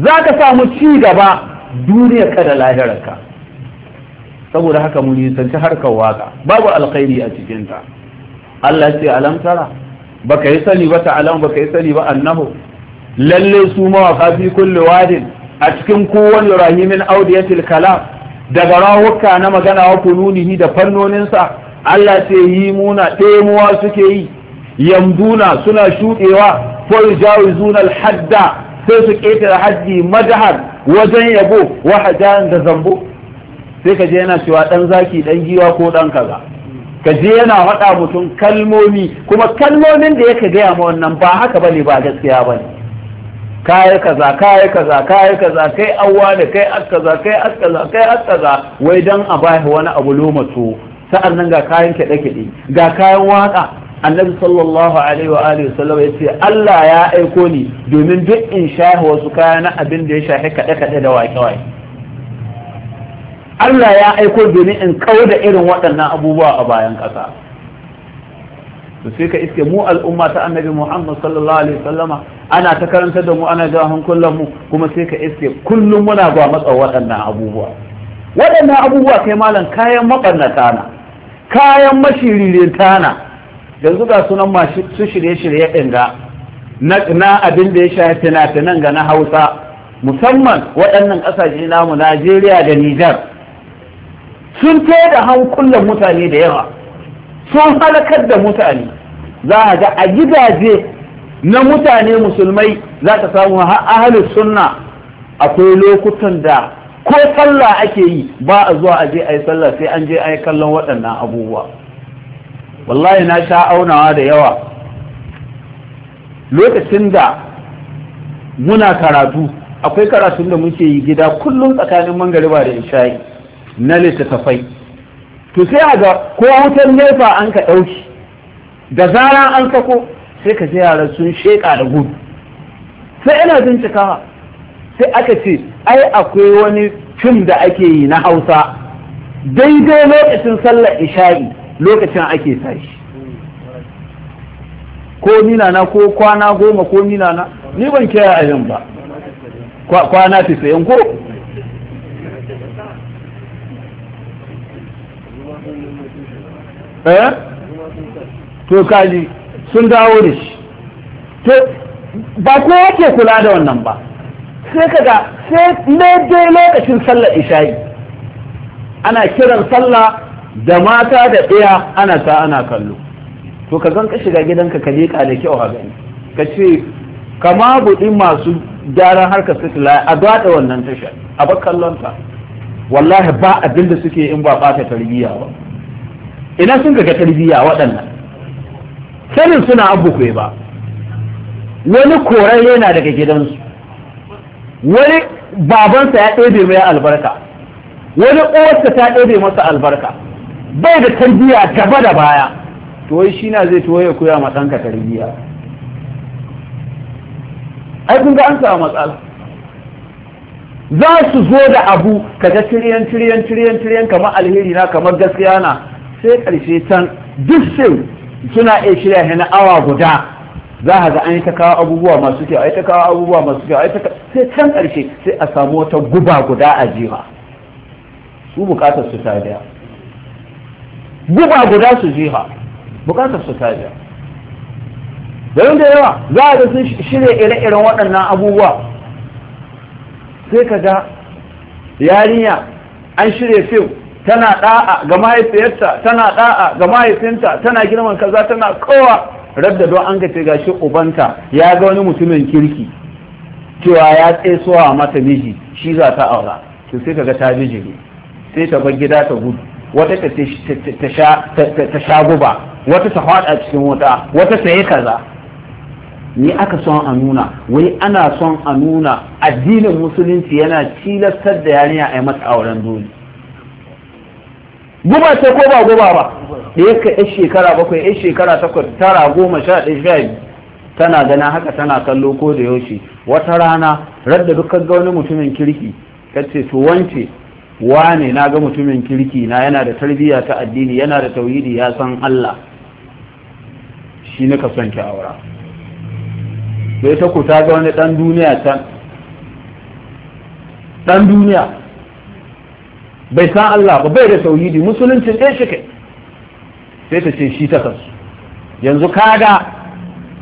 za ka samu ci gaba duniyarka da lahirarka saboda haka mu nisanci harkar waka babu alkhairi a cikinta Allah ce alam tara baka yi sani ba ba baka yi sani ba annahu lalle su mawaka fi kulli wadin a cikin kowane rahimin Audu ya tilkala, daga rawuka na magana wa kununihi da fannoninsa Allah ce yi muna ɗemuwa suke yi yamduna suna shuɗewa ko jawo zunar hadda sai su ƙetare haddi madahar wajen yabo wa da zambo sai ka je yana cewa ɗan zaki ɗan giwa ko ɗan kaza ka je yana haɗa mutum kalmomi kuma kalmomin da ya ka gaya ma wannan ba haka bane ba gaskiya bane kayi kaza kayi kaza kayi kaza kai awwa da kai askaza kai askaza kai askaza wai dan a bai wani abu lomato sa'an nan ga kayan kiɗe kiɗe ga kayan waka annabi sallallahu alaihi wa alihi wasallam ya ce Allah ya aiko ni domin duk in shahi wasu kaya na abin da ya shahi kaɗe kaɗe da wake wake Allah ya aiko domin in kauda irin waɗannan abubuwa a bayan ƙasa to sai ka iske mu al'umma ta annabi Muhammad sallallahu alaihi sallama ana ta karanta da mu ana jawa hankulan mu kuma sai ka iske kullum muna ba matsa waɗannan abubuwa waɗannan abubuwa kai malam kayan mabarnata na kayan mashiririn tana yanzu ga sunan masu shirye-shirye ɗin ga na abin da ya shafi fina-finan ga na Hausa musamman waɗannan ƙasashe namu Najeriya da Nijar sun da hankulan mutane da yawa sun halakar da mutane za a ga a gidaje na mutane musulmai za ka samu ahalin sunna akwai lokutan da ko sallah ake yi ba a zuwa a je a yi sallah sai an je a yi kallon waɗannan abubuwa wallahi na sha aunawa da yawa lokacin da muna karatu akwai karatun da muke yi gida kullum tsakanin mangariba da isha'i na littattafai to sai a ga ko wutan nefa an ka ɗauki da zara an sako sai ka ji yara sun sheƙa da gudu sai ina bincikawa sai aka ce ai akwai wani fim da ake yi na hausa daidai lokacin sallar isha'i lokacin ake tashi ko minana ko kwana goma ko minana ni ban kira a ba kwana sayan ko eh to kaji sun dawo da shi to ba ko yake kula da wannan ba sai kaga sai daidai lokacin sallar isha'i ana kiran sallah da mata da ɗaya ana ta ana kallo to ka zan ka shiga gidanka ka ka da kyau a gani ka ce kama buɗi masu gyaran harkar sitila a daɗa wannan tasha a bakkallonta wallahi ba abinda da suke in ba ta tarbiyya ba ina sun ga tarbiyya waɗannan sanin suna abu ba wani korarre yana daga gidansu wani babansa ya ɗebe mai albarka wani uwarsa ta ɗebe masa albarka bai da tarbiyya gaba da baya to wai shi na zai tuwaye koya ma ɗanka tarbiyya ai kun ga an samu matsala za su zo da abu ka ga tiriyan tiriyan tiriyan tiriyan kamar alheri na kamar gaskiya na sai ƙarshe can duk sin suna iya shirya shi na awa guda za a ga an yi ta kawo abubuwa masu kyau ai ta kawo abubuwa masu kyau ai ta sai can ƙarshe sai a samu wata guba guda a jiha su bukatar su ta biya guba guda su jiha bukatar su ta biya don da yawa za a ga sun shirya ire-iren waɗannan abubuwa sai ka ga yarinya an shirya fim tana da'a ga mahaifiyarta tana da'a ga mahaifinta tana girman kaza tana kowa radda don an ce gashi ubanta ya ga wani mutumin kirki cewa ya tsesowa mata miji shi za ta aura to sai kaga ta ne sai ta bar gida ta gudu wata ta sha guba wata ta hada cikin wuta wata ta yi kaza ni aka son a nuna wai ana son a nuna addinin musulunci yana tilastar da yarinya a yi mata auren dole guba ce ko ba guba ba da ka yan shekara bakwai yan shekara takwas tara goma sha ɗaya sha tana gana haka tana kallo ko da yaushe wata rana radda duk ga wani mutumin kirki ka ce to wance wane na ga mutumin kirki na yana da tarbiyya ta addini yana da tauhidi ya san Allah shi ne ka son ki aura sai ta ku ta ga wani dan duniya can dan duniya bai san Allah ba bai da tauhidi musuluncin ɗaya shi kai sai ta ce shi ta kansu yanzu ka ga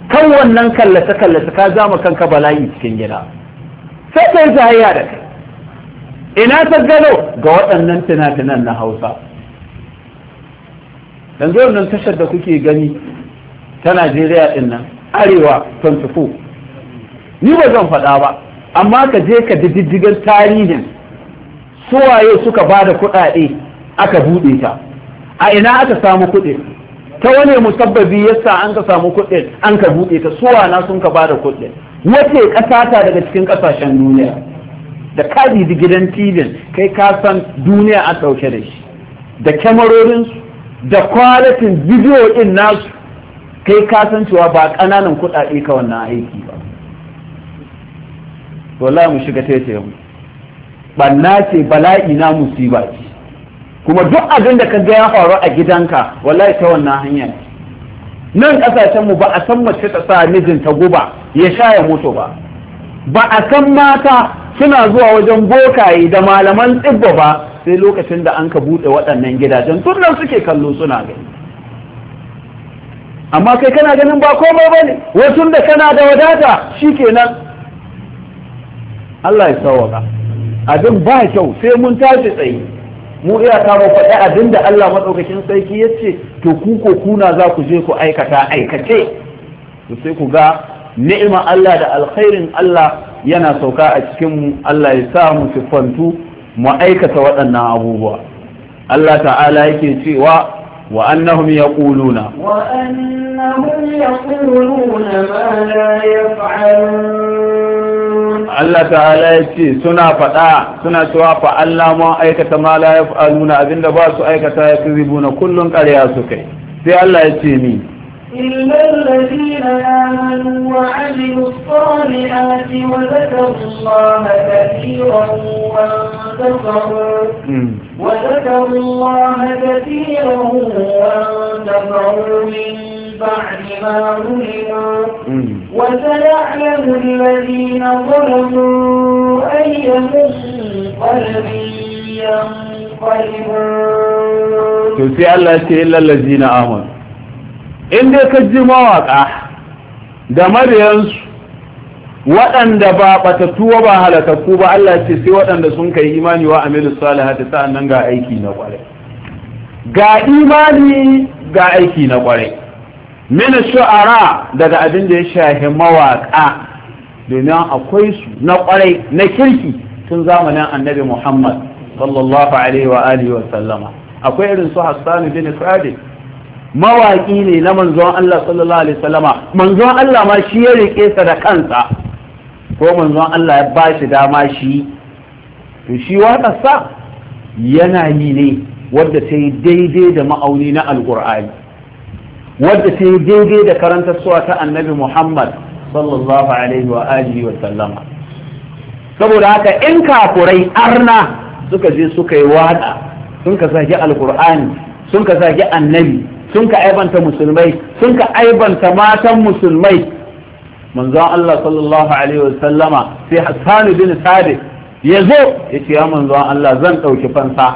kan wannan kallata kallata ka zama kanka bala'i cikin gida sai ta yi zahayya da kai ina ta gano ga waɗannan tunatunan na hausa yanzu wannan tashar da kuke gani ta najeriya ɗin nan arewa 24 ni ba zan faɗa ba amma ka je ka diddigar tarihin suwaye suka ba da kuɗaɗe aka buɗe ta a ina aka samu kuɗi ta wane musabbabi yasa an ka samu kuɗin an ka buɗe ta suwana sun ka ba da kuɗin wace ƙasa ta daga cikin ƙasashen duniya da kadi da gidan tilin kai ka san duniya a ɗauke da shi da su, da kwalatin bidiyo ɗin nasu kai ka san cewa ba ƙananan kuɗaɗe ka wannan aiki ba wallahi mu shiga taitayen mu banna ce bala'i na musiba ce kuma duk abin da ka ga ya faru a gidanka wallahi ta wannan hanya ne nan kasashen mu ba a san mace ta sa ta guba ya sha ya mutu ba ba a san mata suna zuwa wajen bokaye da malaman tsibba ba sai lokacin da an ka buɗe waɗannan gidajen tun nan suke kallo suna gani amma kai kana ganin ba komai ba ne wasu da kana da wadata shi kenan Allah ya sauwaka abin ba kyau sai mun tashi tsaye mu iya kama faɗi abin da Allah maɗaukakin sarki ya ce to ku ko kuna za ku je ku aikata aikace to sai ku ga ni'ima Allah da alkhairin Allah yana sauka a cikin mu Allah ya sa mu sifantu mu aikata waɗannan abubuwa Allah ta'ala yake cewa وأنهم يقولون وأنهم يقولون ما لا يفعلون Allah ta'ala ya ce suna faɗa suna cewa fa Allah ma aikata ma la yaf'aluna abinda ba su aikata ya kizibuna kullun ƙarya su kai sai Allah ya ce ni إلا الذين آمنوا وعملوا الصالحات وذكروا الله كثيرا وانتفعوا وذكروا الله كثيرا وانتفعوا من بعد ما ظلموا وسيعلم الذين ظلموا أي منقلب ينقلبون to sai Allah ce illal na amanu in dai ka ji mawaƙa da mariyansu waɗanda ba batatuwa ba halakakku ba Allah ce sai waɗanda sun kai imani wa amilu sa'an nan ga aiki na ƙwarai. ga imani ga aiki na ƙwarai. mina shu'ara daga abin da ya shahi mawaƙa domin akwai su na ƙwarai na kirki tun zamanin annabi muhammad sallallahu alaihi wa alihi wa sallama akwai irin su hassan bin sadiq mawaƙi ne na manzon Allah sallallahu alaihi sallama manzon Allah ma shi ya rike sa da kansa ko manzon Allah ya ba shi dama shi to shi sa yana yi ne wadda ta yi daidai da ma'auni na alƙur'ani wadda ta yi daidai da karanta suwa ta annabi muhammad sallallahu alaihi wa alihi wa sallama saboda haka in kafurai arna suka je suka yi wada sun ka saki alkur'ani sun ka saki annabi sun ka aibanta musulmai sun ka aibanta matan musulmai manzon Allah sallallahu alaihi wa sallama sai Hassan bin Thabit ya zo ya ce ya manzon Allah zan ɗauki fansa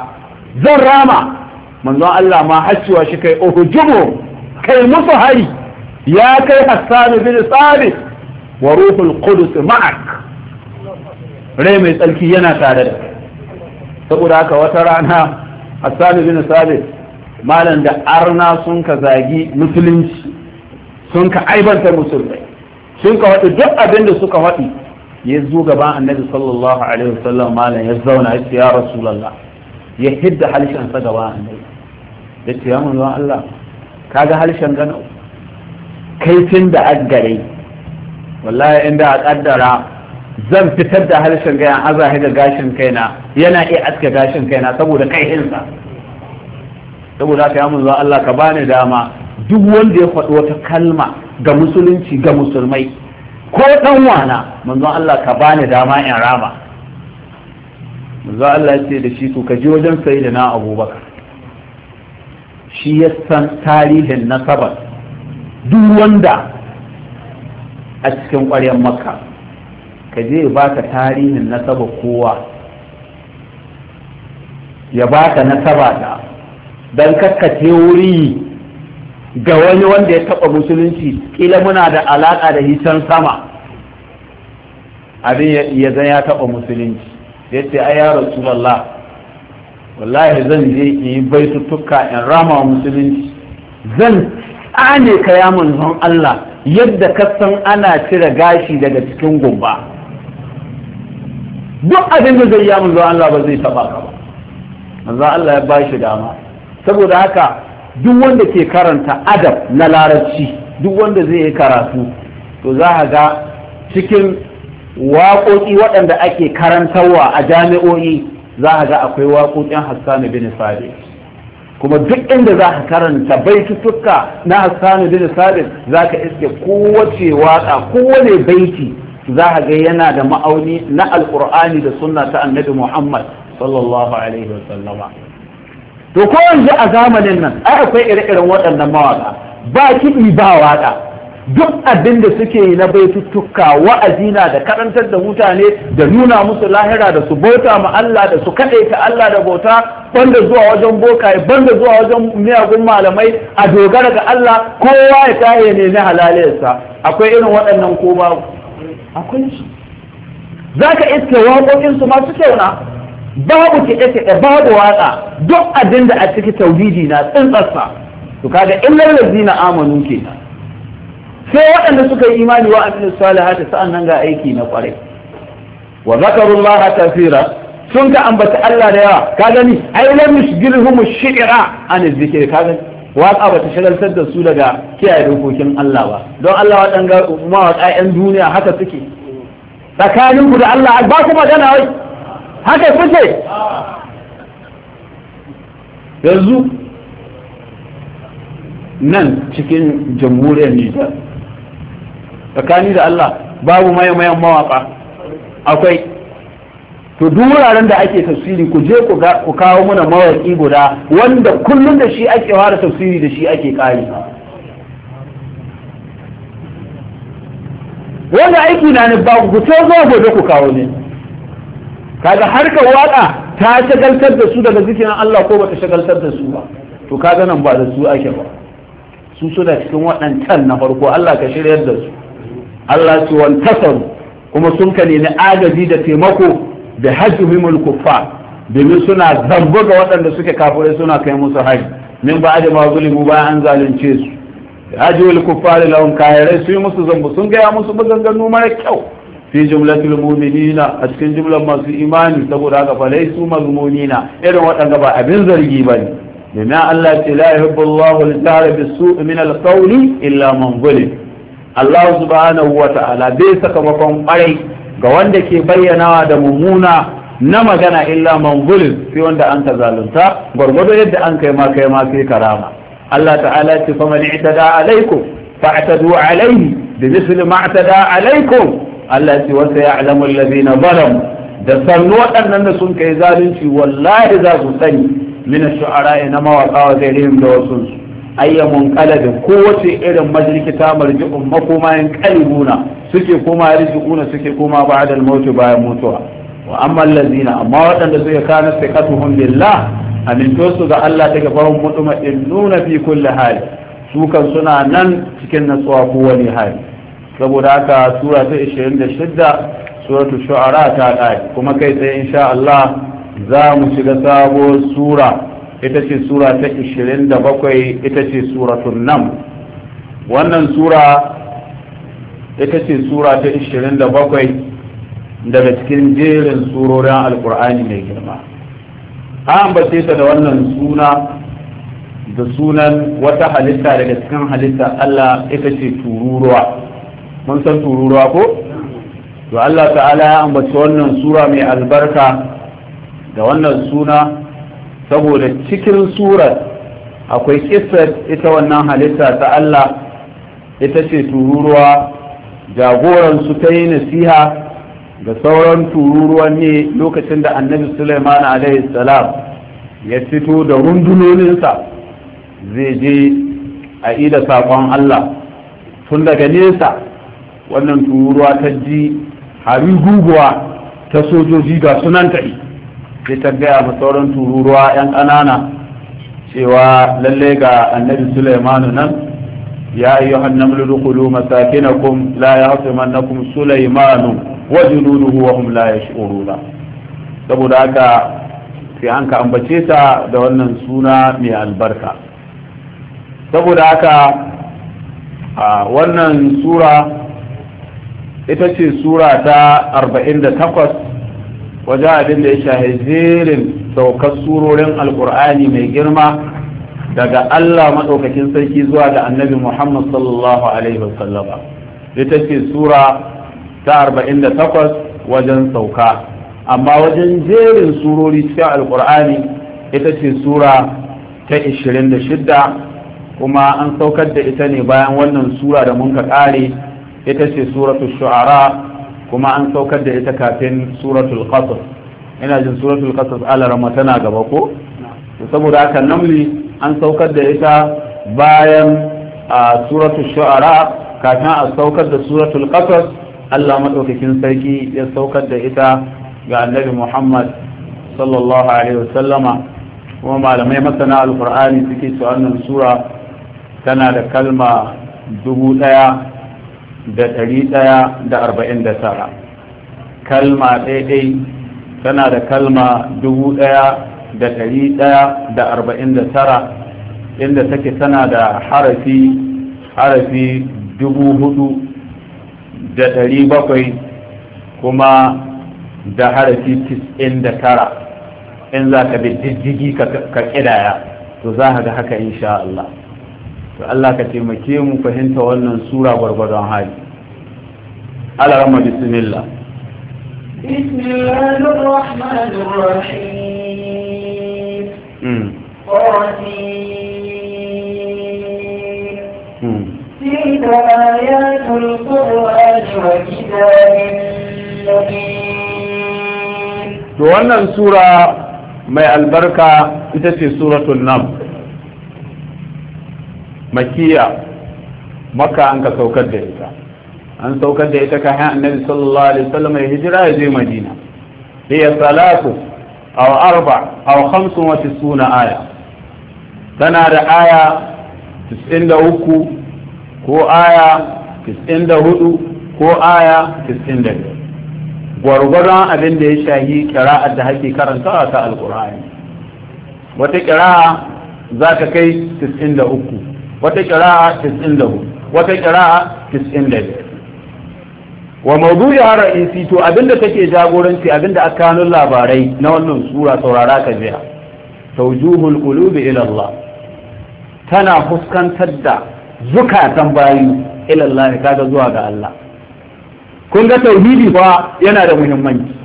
zan rama manzon Allah ma hacciwa shi kai ohujubu kai musu hari ya kai hassan bin sabit wa ruhul qudus ma'ak rai mai tsarki yana tare da saboda haka wata rana hassan bin sabit malam da arna sun ka zagi musulunci sun ka aibanta musulmai sun ka waɗi duk abin da suka waɗi ya zo gaban annabi sallallahu alaihi wasallam malam ya zauna ya ce ya rasulullah ya hidda halishansa gaban annabi da ce ya mun Allah kaga harshen gano kai tun da aggare wallahi inda a kaddara zan fitar da harshen gayan azahi ga gashin kaina yana iya aske gashin kaina saboda kai kaihinsa saboda haka ya mun Allah ka bani dama duk wanda ya faɗi wata kalma ga musulunci ga musulmai ko dan wana manzon Allah ka bani dama in rama manzon Allah ya ce da shi to ka je wajen sayyidina Abubakar shi ya san tarihin nasabar duk wanda a cikin ƙwaryar makka ka je ya baka tarihin nasabar kowa ya baka nasaba da don kakkace wuri ga wani wanda ya taɓa musulunci ƙila muna da alaƙa da hisan sama abin ya zan ya taɓa musulunci ya ce ai ya rasulallah wallahi zan je in yi tukka in rama wa musulunci zan tsane kaya ya Allah yadda ka san ana cire gashi daga cikin gumba duk abin da zai yamun zuwa, Allah ba zai taba ka ba manzon Allah ya ba shi dama saboda haka duk wanda ke karanta adab na larabci duk wanda zai yi karatu to za a ga cikin waƙoƙi waɗanda ake karantarwa a jami'o'i za a ga akwai waƙoƙin Hassan bin Sabit kuma duk inda za ka karanta baitutukka na hassanu bin Sabit za ka iske kowace waƙa kowane baiti za ka ga yana da ma'auni na alƙur'ani da sunna ta annabi Muhammad sallallahu alaihi wa sallama to ko yanzu a zamanin nan ai akwai ire-iren waɗannan mawaƙa ba kiɗi ba waƙa duk abin da suke yi na bai tuttuka wa'azi na da karantar da mutane da nuna musu lahira da su bauta ma Allah da su ta Allah da bauta banda zuwa wajen bokaye banda zuwa wajen miyagun malamai a dogara ga Allah kowa ya taye ne na halalinsa akwai irin waɗannan ko ba akwai su. zaka iske waƙoƙin su masu kyauna babu kiɗe-kiɗe babu watsa. duk abin da a ciki tauhidi na tsintsarsa to kaga illar zina amanu kenan sai waɗanda suka yi imani wa aminu salihati sa'an nan ga aiki na kwarai wa zakarullaha kafira sun ka ambaci Allah da yawa ka gani ai lam yusgilhum shi'ra an zikri ka gani Wa ba ta shagaltar da su daga kiyaye dokokin Allah ba don Allah wa kuma mawaƙa 'yan duniya haka suke tsakaninku da Allah ba ku magana wai haka suke yanzu nan cikin jamhuriyar Nijar tsakani da Allah babu mayan mawaƙa akwai to duk wuraren da ake tafsiri ku je ku kawo mana mawaki guda wanda kullum da shi ake fara tafsiri da shi ake kari wanda aiki na ne ba ku to zo gobe ku kawo ne kaga harkar waka ta shagaltar da su daga zikirin Allah ko bata shagaltar da su ba to kaga nan ba da su ake ba su suna cikin waɗancan na farko Allah ka shiryar da su Allah su wan kuma sun ka nemi agaji da taimako da hajjuhimul kuffar domin suna zambo ga waɗanda suke kafirai suna kai musu haji min ba da mazulimu bayan an zalunce su hajjuhul da lahum kayarai su yi musu zambo sun gaya musu maganganu mara kyau fi jumlatul mu'minina a cikin jumlar masu imani saboda haka fa laisu mazmunina irin waɗanda ba abin zargi bane domin Allah ce la yuhibbu Allahu al-jahra bis-su'i min al-qawli illa man zulim Allah subhanahu wa ta'ala bai sakamakon ƙwarai ga wanda ke bayyanawa da mummuna na magana illa man zulm sai wanda an ka zalunta gwargwado yadda an kai ma kai ma sai karama Allah ta'ala ce fa man i'tada alaikum fa'tadu alaihi bi misli ma i'tada alaikum Allah ce wa sayalamu alladhina zalamu da sannu waɗannan da sun kai zalunci wallahi za su sani min ash-shu'ara na mawaqa wa zairihim da wasu ayyamun ko kowace irin majlikita marji'un makomayin kalibuna suke koma rizquna suke koma ba'da al-maut bayan mutuwa wa amma allazina amma waɗanda suke kana thiqatuhum billah aminto su ga Allah take barin mutuma nuna fi kulli hali su kan suna nan cikin natsuwa ko wani hali saboda haka sura ta 26 suratul shu'ara ta kai kuma kai tsaye insha Allah za mu shiga sabuwar sura ita ce sura ta 27 ita ce suratun nam wannan sura ita ce sura ta 27 daga cikin jerin surorin alkur'ani mai girma an ambace ta da wannan suna da sunan wata halitta daga cikin halitta Allah ita ce tururuwa mun san tururuwa ko to Allah ta'ala ya ambaci wannan sura mai albarka da wannan suna saboda cikin surar akwai kissar ita wannan halitta ta Allah ita ce tururuwa jagoransu ta yi nasiha ga sauran tururuwan ne lokacin da annabi Sulaiman alaihi salam ya fito da rundunoninsa zai je a ida saƙon Allah tun daga nesa wannan tururuwa ta ji hari guguwa ta sojoji ga sunan ta'i sai ta gaya ma sauran tururuwa 'yan ƙanana cewa lalle ga annabi sulaimanu nan ya yi hannun lulukulu masakinakum la ya hasu mannakum sulaimanu wa junuduhu wa hum la yash'uruna saboda haka sai an ka ambace ta da wannan suna mai albarka saboda haka a wannan sura ita ce sura ta 48 wajen abin da ya shahi jerin saukar surorin alkur'ani mai girma daga Allah maɗaukakin sarki zuwa ga annabi Muhammad sallallahu alaihi sallama. ita ce sura ta 48 wajen sauka amma wajen jerin surori cikin alkur'ani ita ce sura ta 26 kuma an saukar da ita ne bayan wannan sura da mun ka ƙare ita ce suratul shu'ara kuma an saukar da ita kafin suratul qasas ina jin suratul qasas alarama tana gaba ko saboda haka namli an saukar da ita bayan a suratul shu'ara kafin a saukar da suratul qasas Allah madaukakin sarki ya saukar da ita ga annabi Muhammad sallallahu alaihi wasallama kuma malamai masana alqur'ani suke su annan sura tana da kalma dubu daya da ɗari ɗaya da arba'in da tara kalma ɗaiɗai tana da kalma dubu ɗaya da ɗari ɗaya da arba'in da tara inda take tana da harafi harafi dubu hudu da ɗari bakwai kuma da harafi tis'in da tara in za ka bi diddigi ka ƙidaya to za ka ga haka insha Allah to Allah ka taimake mu fahimta wannan sura gwargwadon hali alarama bismillah بسم hmm. hmm. wannan sura mai albarka ita ce suratul nam makiya maka an ka saukar da ita an saukar da ita kayan annabi sallallahu alaihi wasallam ya hijira ya je madina hiya salatu aw arba aw khamsun wa tisuna aya tana da aya 93 ko aya 94 ko aya 95 gwargwaron abin da ya shahi kira'ar da hake karantawa ta alkur'ani wata kira'a za ta kai 93 wata qira'a 94 wata qira'a 95 wa hara ra'isi to abinda take jagoranci abinda aka kanun labarai na wannan sura saurara ka biya. tawjuhul qulubi ila Allah tana fuskantar da zukatan bayi ila Allah kaga zuwa ga Allah kun ga tauhidi fa yana da muhimmanci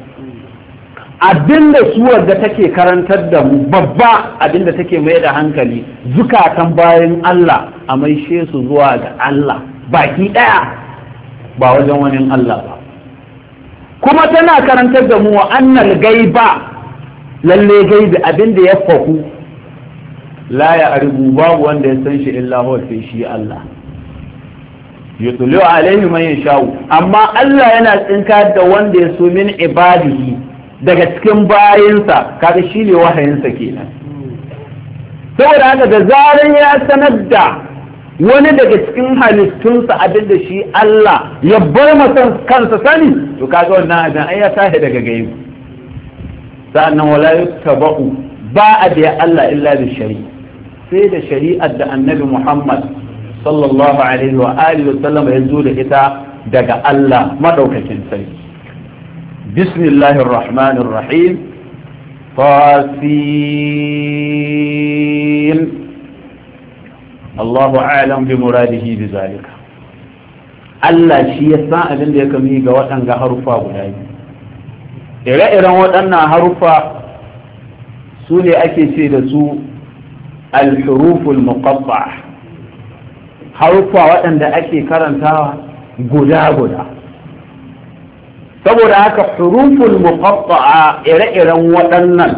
abinda suwar da take karantar da mu babba abinda take mai da hankali zukatan bayan Allah a maishe su zuwa ga Allah baki ɗaya ba wajen wani Allah ba kuma tana karantar da mu wa'annan gaiba lalle gaibi abinda ya faku la ya aribu babu wanda ya san shi illa huwa sai shi Allah yutlu alaihi man yashau amma Allah yana tsinka da wanda ya so min ibadihi daga cikin bayansa kaga shi ne wahayinsa kenan saboda haka da zarar ya sanar da wani daga cikin halittunsa abin da shi Allah ya bar masa kansa sani to kaga wannan abin ai ya tashi daga gaibu sa'annan wala taba'u ba a da Allah illa da shari'a sai da shari'ar da annabi Muhammad sallallahu alaihi wa alihi wa sallam ya zo da ita daga Allah madaukakin sarki بسم الله الرحمن الرحيم طاسين الله أعلم بمراده بذلك Allah shi ya san abin da ya kami ga waɗanga harufa guda biyu ire-iren waɗannan harufa su ne ake ce da su alhuruful muqaffa harufa waɗanda ake karanta guda-guda saboda haka huruful muqatta'a ire-iren waɗannan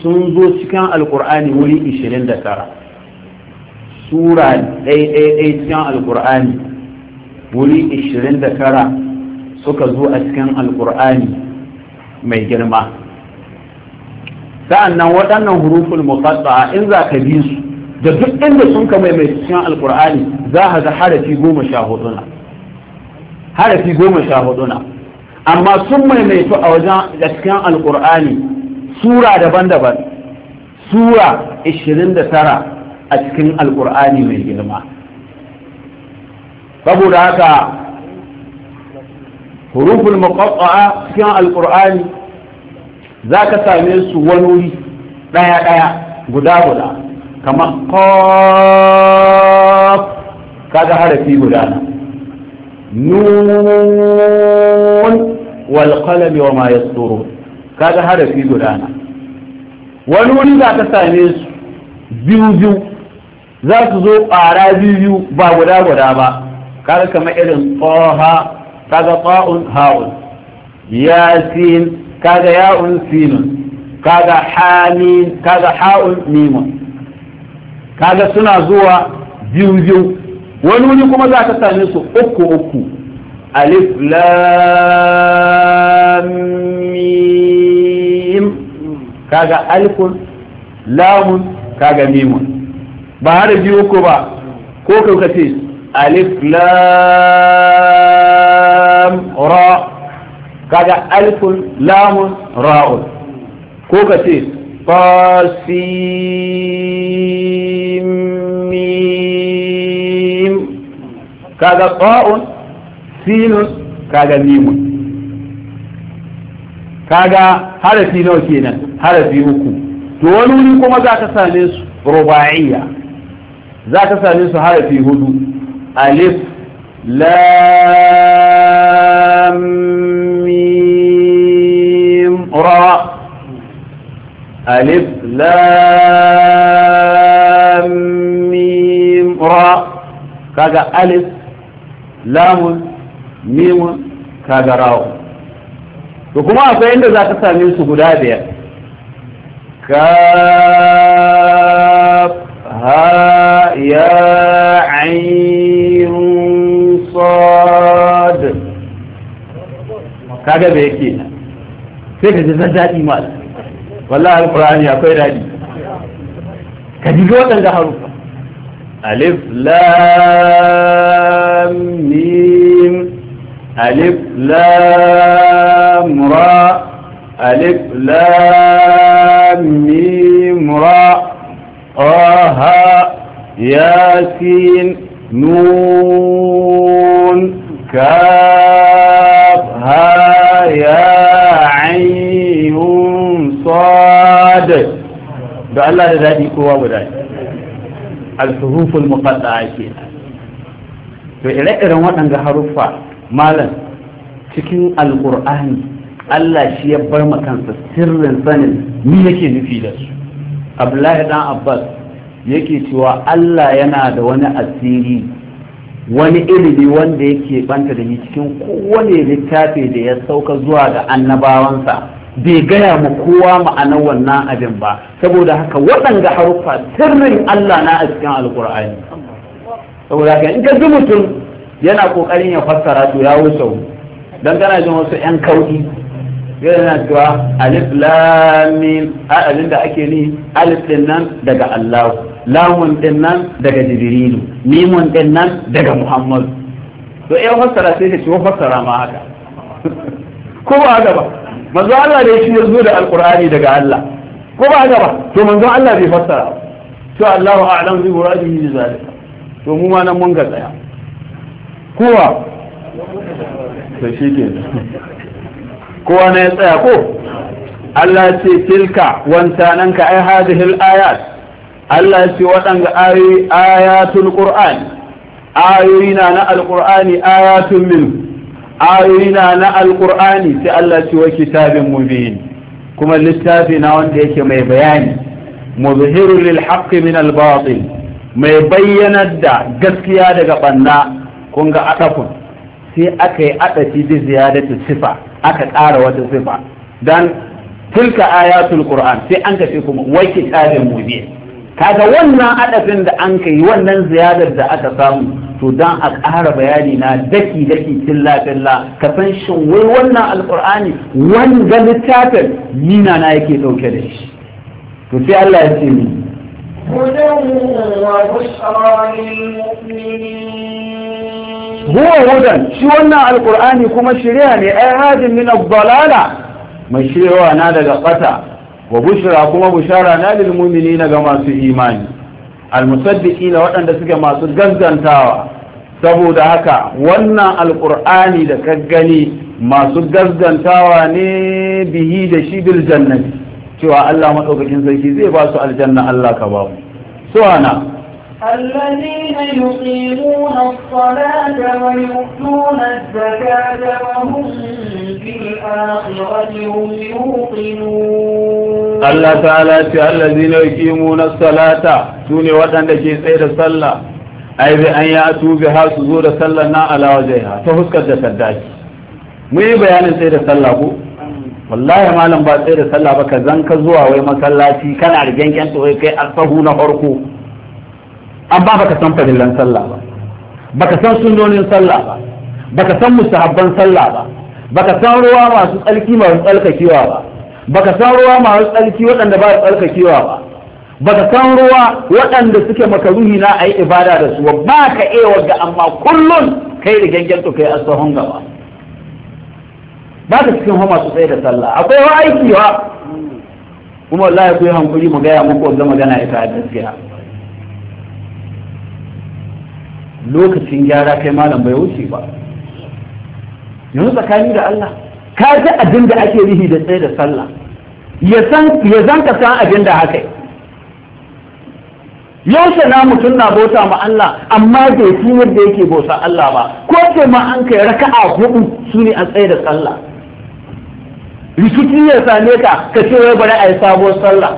sun zo cikin alkur'ani wuri 29 sura ɗaiɗaiɗai cikin alkur'ani wuri 29 suka zo a cikin alkur'ani mai girma sa'annan waɗannan huruful muqatta'a in za ka bi su da duk inda sun ka mai cikin alkur'ani za ka ga harafi goma sha huduna harafi goma sha huduna amma sun maimaitu a wajen gaskiyan alkur'ani sura daban-daban sura 29 a cikin alkur'ani mai girma saboda haka huruful muqatta'a cikin alkur'ani za ka same su wani ɗaya-ɗaya guda-guda kamar ka kaga harafi guda na nun wal wa ma yasturun kaga harafi na wani wuri za ka same su biyu biyu za su zo ƙara biyu biyu ba guda guda ba kaga kamar irin tsoha kaga ta'un ha'un yasin kaga ya'un sinun kaga hamin kaga ha'un mimun kaga suna zuwa biyu biyu wani wani kuma za ta same su uku uku alif lamim kaga alifun lamun kaga mimun ba har biyu ko ba ko ka ce alif lam ra kaga alifun lamun ra'un ko ka ce fasimim كاغا صاء سين كاغا ميم كاغا حرفي نو كينان حرفي اوكو تو ولولي كما ذاك سالس رباعية ذاك سالس حرفي هدو ألف لام ميم را ألف لام ميم را كذا ألف lamun mimun kagarawo to kuma akwai inda za ka same su guda biyar ka ha ya ainihin sad kaga da yake na sai ka ji zan daɗi ma wallahi alƙur'ani akwai daɗi ka ji waɗanda harufa ألف لام ميم ألف لام را ألف لام ميم را آها آه، ياسين نون كاف ها يا عين صاد ده الله ده هو قوة alhuruful muqatta'a kenan to ire-iren waɗanda haruffa malam cikin alƙur'ani Allah shi ya bar kansa sirrin sanin ni yake nufi da su Abdullahi dan Abbas yake cewa Allah yana da wani asiri wani ilimi wanda yake banta da ni cikin kowane littafi da ya sauka zuwa ga annabawansa bai gaya ma kowa ma'anar wannan abin ba saboda haka waɗanda haruffa sirrin Allah na a cikin alkur'ani saboda haka in ka ji mutum yana kokarin ya fassara to ya wuce dan kana jin wasu yan kauɗi yana cewa alif lam mim abin da ake ni alif din nan daga Allah lamun din nan daga jibrilu mimun din nan daga muhammad to ya fassara sai ya ce fassara ma haka [laughs] ko ba haka ba manzo Allah ne shi ya zo da alqur'ani daga Allah ko ba haka ba to manzo Allah bai fassara to Allahu a'lam bi muradihi bi zalika to mu ma nan mun ga tsaya kowa to shi ke kowa ne ya tsaya ko Allah ce tilka wancananka ai hadihil ayat Allah ce waɗanga ayoyi ayatul qur'ani ayoyi na na alqur'ani ayatun min ayoyina na alkur'ani sai Allah ce wa kitabin mubin kuma littafi na wanda yake mai bayani muzhiru lil haqqi min al batil mai bayyana da gaskiya daga banna kun ga sai aka yi adafi bi ziyadati sifa aka ƙara wata sifa dan tilka ayatul qur'an sai an kace kuma wa kitabin mubin kaga wannan adafin da an kai wannan ziyadar da aka samu to dan a ƙara bayani na daki daki tilla tilla ka san shin wai wannan alqur'ani wanda littafin yina na yake dauke da shi to sai Allah ya ce ni huwa hudan shi wannan alqur'ani kuma shirya ne ai hadin min ad-dalala mai shiryawa na daga ƙasa wa bushra kuma bushara na lil mu'minina ga masu imani al musaddiqina waɗanda suke masu gaggantawa saboda haka wannan alqur'ani da ka gani masu gaggantawa ne bihi da shi bil jannati cewa Allah madaukakin sarki zai ba su aljanna Allah ka ba mu suwana الذين يقيمون الصلاة ويؤتون الزكاة وهم بالآخرة هم يوقنون الله تعالى الذين يقيمون الصلاة سوني وطن لكي سيد صلى أي بأن يأتوا بها سزور صلى على وجهها فهسك الدكداج مي بيان سيد صلى wallahi malam ba tsaye da sallah ba ka zanka zuwa wai masallaci kana rigen kyan amma baka san Fadilan sallah ba baka san sunnonin sallah ba baka san mustahabban sallah ba baka san ruwa masu tsarki masu tsarkakewa ba baka san ruwa masu tsarki waɗanda ba su tsarkakewa ba baka san ruwa waɗanda suke makaruhi na ayi ibada da su ba ka ewa ga amma kullum kai da gangan to kai asahon gaba ba ka cikin homa su tsaye da sallah akwai wa aiki wa kuma wallahi ku yi hankuri mu gaya muku wanda magana ita gaskiya lokacin gyara kai malam bai wuce ba yanzu tsakani da Allah ka ji abin da ake rihi da tsaye da sallah ya zan ka san abin da haka yaushe na mutum na bauta ma Allah amma bai fi yadda yake bauta Allah ba ko ce ma an kai raka'a hudu su ne a tsaye da sallah rikici ya same ka ka ce wai bari a yi sabuwar sallah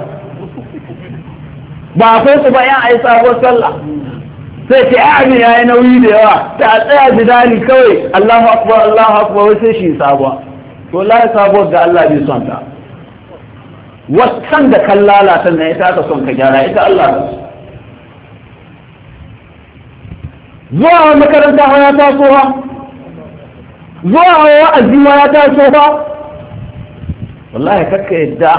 ba akwai su ba yan a yi sabuwar sallah sai ce abin ya yi nauyi da yawa ta tsaya dani kawai Allahu akbar Allahu akbar wai sai shi sabuwa to la sabuwa ga Allah bai son ta wasan da kan lalata na ita ka son ka gyara ita Allah su zuwa makaranta ha ya taso ha zuwa wa'azi ma ya taso ha wallahi kakka yadda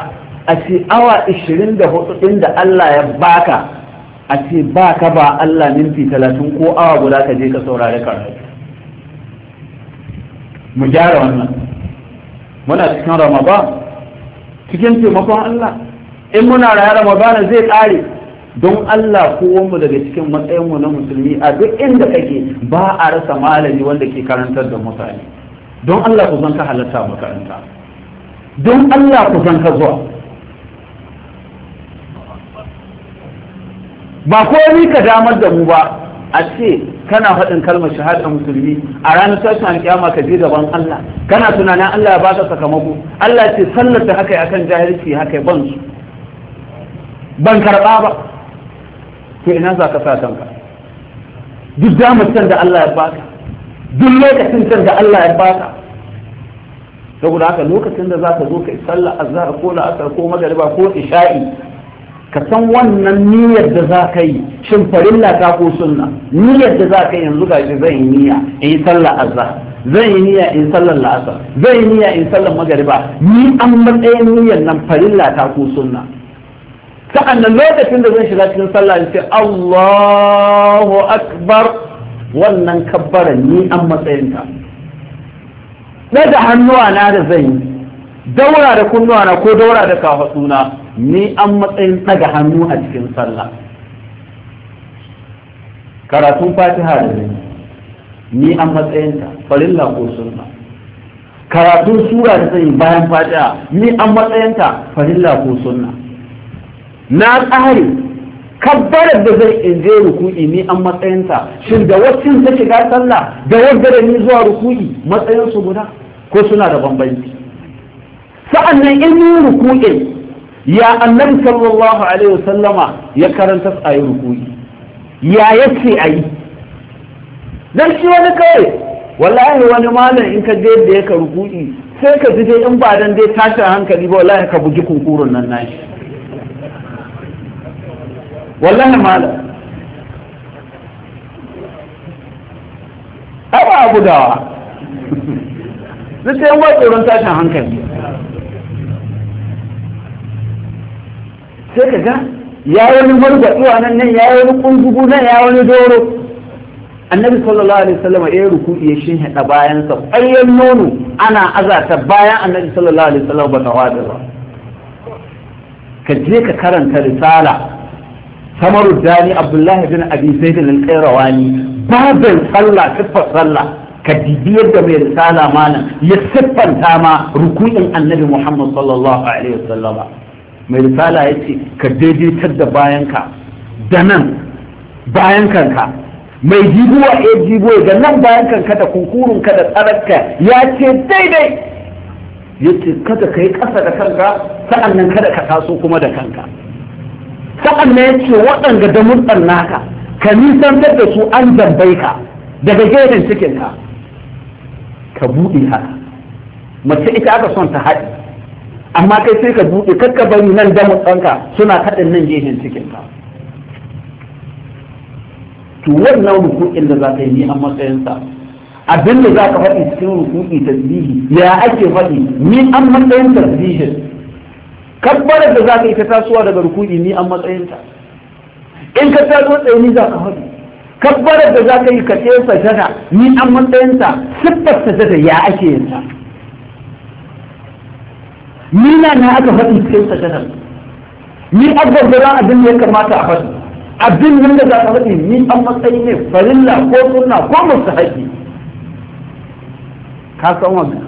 a ce awa 24 din da Allah ya baka a ce ba ka ba Allah minti talatin ko awa guda ka je ka saurari karatu mu gyara wannan muna cikin ramadan cikin taimakon Allah in muna raya ramadan zai ƙare don Allah kowanmu daga cikin matsayinmu na musulmi a duk inda kake ba a rasa malami wanda ke karantar da mutane don Allah ku zan ka halatta makaranta don Allah ku zan ka zuwa ba ni ka damar da mu ba a ce kana faɗin kalmar shahada musulmi a ranar tashin alƙiyama ka je gaban Allah kana tunanin Allah ya baka sakamako Allah ce sallata da haka akan jahilci haka ban su ban karɓa ba to ina za ka sa kanka duk damar da Allah ya baka duk lokacin can da Allah ya baka saboda haka lokacin da za ka zo ka yi sallar azhar ko la'asar ko magariba ko isha'i ka san wannan niyyar da za ka yi shin farilla ta ko sunna niyyar da za ka yi yanzu gashi zan yi niyya in yi sallar azza zan yi niyya in sallar la'asar zan yi niyya in sallar magariba ni an matsayin niyyar nan farilla ta ko sunna sa'annan lokacin da zan shiga cikin sallah in ce Allahu akbar wannan kabbara ni an matsayin ta daga hannuwa na da zan yi daura da kunnuwa na ko daura da kafatsuna ni an matsayin daga hannu a cikin sallah karatun fatiha da ni ni an matsayin ta farilla ko sunna karatun sura da zai bayan fatiha ni an matsayin ta farilla ko sunna na tsari kabbarar da zai in je ruku'i ni an matsayin ta, shin da wacce ta shiga sallah da wanda da ni zuwa ruku'i matsayin su guda ko suna da bambanci sa'annan in yi ruku'in ya annabi sallallahu alaihi wasallama ya karanta a yi ruku'i ya yace a yi dan shi wani kawai wallahi wani malam in ka je da yaka ruku'i sai ka ji in ba dan dai tashin hankali ba wallahi ka bugi kunkurun nan nashi wallahi malam awa ba abu dawa zai [laughs] sai ba tsoron tashin hankali sai ka ga ya wani margwatsuwa nan nan ya wani kungugu nan ya wani doro annabi sallallahu alaihi wasallam ya ruku ya shin hada bayan sa ƙwayen nono ana azata bayan annabi sallallahu alaihi wasallam ba ta wada ba ka je ka karanta risala samaru dani abdullahi bin abi zaid al-qayrawani babin sallah siffar sallah ka bibiyar da mai risala mana, ya siffanta ma ruku'in annabi muhammad sallallahu alaihi wasallam mai risala ya ce ka daidaitar da bayanka da nan bayan kanka mai jibuwa ya eh, jibuwa da nan bayan kanka da kunkurunka da tsararka ya ce daidai ya ce kada ka yi ƙasa da kanka sa'an nan kada ka taso kuma da kanka sa'an nan ya ce waɗanda da murɗan naka ka nisantar da su an zambai ka daga gerin cikinka ka buɗe haka mace ita aka son ta haɗi amma kai sai ka buɗe kakka bari nan damun tsanka suna kaɗin nan gehen cikin ka to wannan ruku'in da za ka yi a matsayinsa abin da za ka faɗi cikin ruku'i tasbihi ya ake faɗi ni an matsayin tasbihin kabbarar da za ka yi ta tasowa daga ruku'i ni an matsayinta in ka taso tsaye ni za ka faɗi kabbarar da za ka yi ka ce sajada ni an matsayinta siffar sajada ya ake yin ta ni na aka faɗi cikin sajadar ni abin da za abin ya kamata a faɗi abin nan da za a faɗi ni an matsayi ne farilla ko sunna ko mustahabi ka san wannan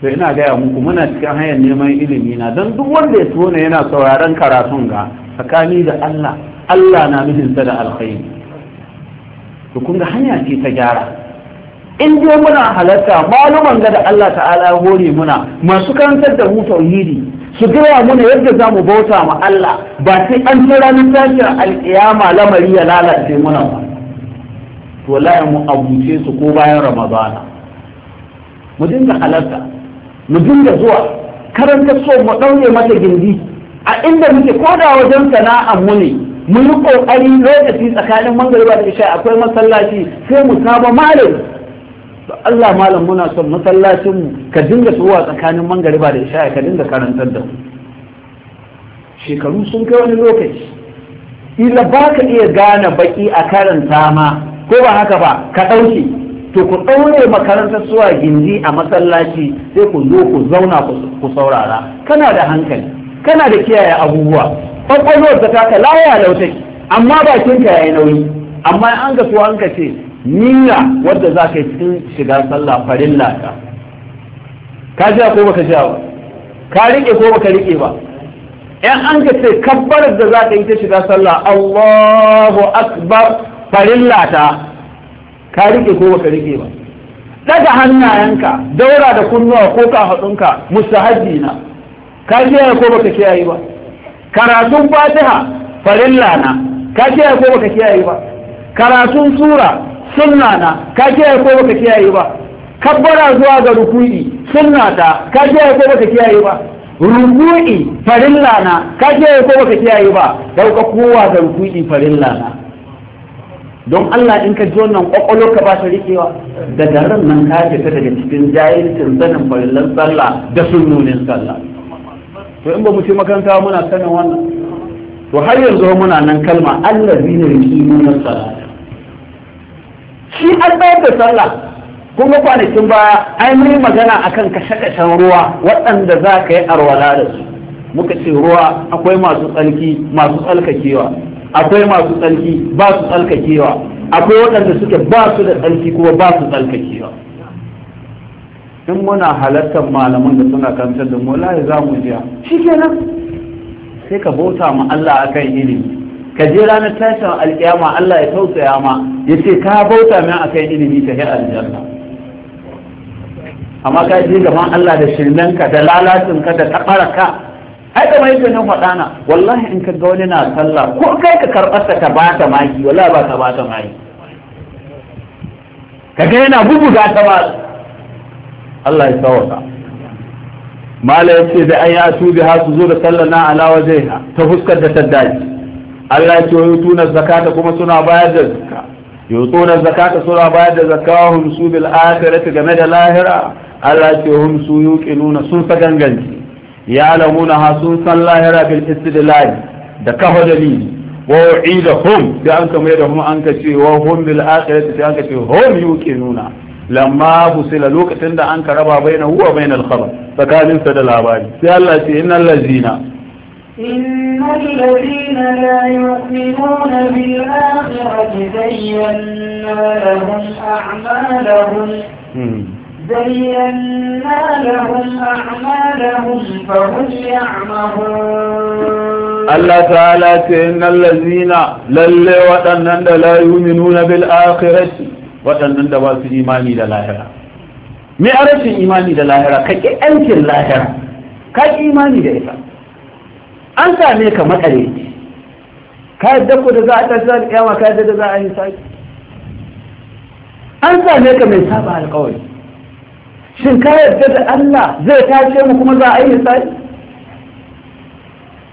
to ina gaya muku muna cikin hanyar neman ilimi na don duk wanda ya tona yana sauraron karatun ga tsakani da Allah Allah na nufinsa da alkhairi to kun ga hanya ce ta gyara in dai muna halatta maluman ga da Allah ta'ala hore muna masu karantar da mu tauhidi su gaya muna yadda za mu bauta ma Allah ba sai an ci ranar tashin alƙiyama lamari ya lalace muna ba to wallahi mu abuce su ko bayan ramadana mu dinga halarta, mu dinga zuwa karanta so mu ɗaure mata gindi a inda muke koda wajen sana'a mu ne mu yi ƙoƙari lokaci tsakanin mangariba da isha akwai masallaci sai mu saba malami So Allah malam muna son masallacin ka dinga tsowa tsakanin mangariba da isha ka dinga karantar da shekaru sun kai wani lokaci ila ba ka iya gane baki a karanta ma ko ba haka ba ka ɗauke to ku ɗaure makarantar suwa gindi a masallaci sai ku zo ku zauna ku saurara kana da hankali kana da kiyaye abubuwa kwakwalwar ta taka laya lautaki amma bakinka ya yi nauyi amma an ga so an ka ce niyya wadda za ka yi cikin shiga sallah farin lata ka ji ko baka ji ba ka rike ko baka rike ba yan an ka ce kabbarar da za ka yi ta shiga sallah Allahu akbar farin lata ka rike ko baka rike ba daga hannayenka daura da kunnuwa ko kafadunka mustahabbi na ka kiyaye ko baka kiyaye ba karatun fatiha farilla na ka kiyaye ko baka kiyaye ba karatun sura sunna na ka kiyaye ko baka kiyaye ba kabbara zuwa ga ruku'i sunna ta ka kiyaye ko baka kiyaye ba ruku'i farilla na ka kiyaye ko baka kiyaye ba dauka kowa ga ruku'i farilla na don Allah in ka ji wannan kwakwalwar ka ba ta rikewa daga ran nan ka ta daga cikin jahilcin sanin farillan sallah da sunnonin sallah to in ba mu ce makaranta muna sanin wannan to har yanzu muna nan kalma allazi ne yaqimuna salata shi an bayar da sallah kuma kwanakin baya an yi magana akan kashe-kashen ruwa waɗanda za ka yi arwala da su muka ce ruwa akwai masu tsarki masu tsarkakewa akwai masu tsarki ba su tsarkakewa akwai waɗanda suke ba su da tsarki kuma ba su tsarkakewa in muna halartar malaman da suna kamtar da mu lai za mu jiya sai ka bauta ma Allah akan ilimi ka je ranar tashin alƙiyama, Allah ya tausaya ma ya ce ka bauta min a akan ilimi ta hayar aljanna amma ka je gaban Allah da shirmen ka, da ka, da ka. ai kamar yadda nan faɗa na wallahi in ka ga wani na sallah ko kai ka karɓar ta ka bata maki wallahi ba ka bata maki ka ga yana bubuga ta ba Allah ya tsawata mala yace da ayatu biha su zo da sallana ala wajhiha ta fuskar da ta daji Allah ce wai tuna zakata kuma suna bayar da zakka yutuna zakata suna bayar da zakka hum su bil akhirati game da lahira Allah ce hum su yuqinuna sun saganganci ya'lamuna ha sun san lahira bil istidlal da kafa dalili wa wa'idahum da an kamar da hum an ka ce wa hum bil akhirati da an ka ce hum yuqinuna lamma fusila lokacin da an ka raba bainahu wa bainal khabar tsakanin sa da labari sai Allah ce innal ladzina إن الذين لا يؤمنون بالآخرة زينا لهم أعمالهم زينا لهم أعمالهم فهم يعمهون الله تعالى إن الذين للي وأنن لا يؤمنون بالآخرة وأنن دواس إيماني للآخرة me a rashin imani da lahira ka ƙi yankin lahira ka ƙi imani da ita an same ka makare ka yadda ku da za a tashi da kiyama ka yadda da za a yi saki an same ka mai saba alƙawari shin ka yadda da Allah zai tashe mu kuma za a yi saki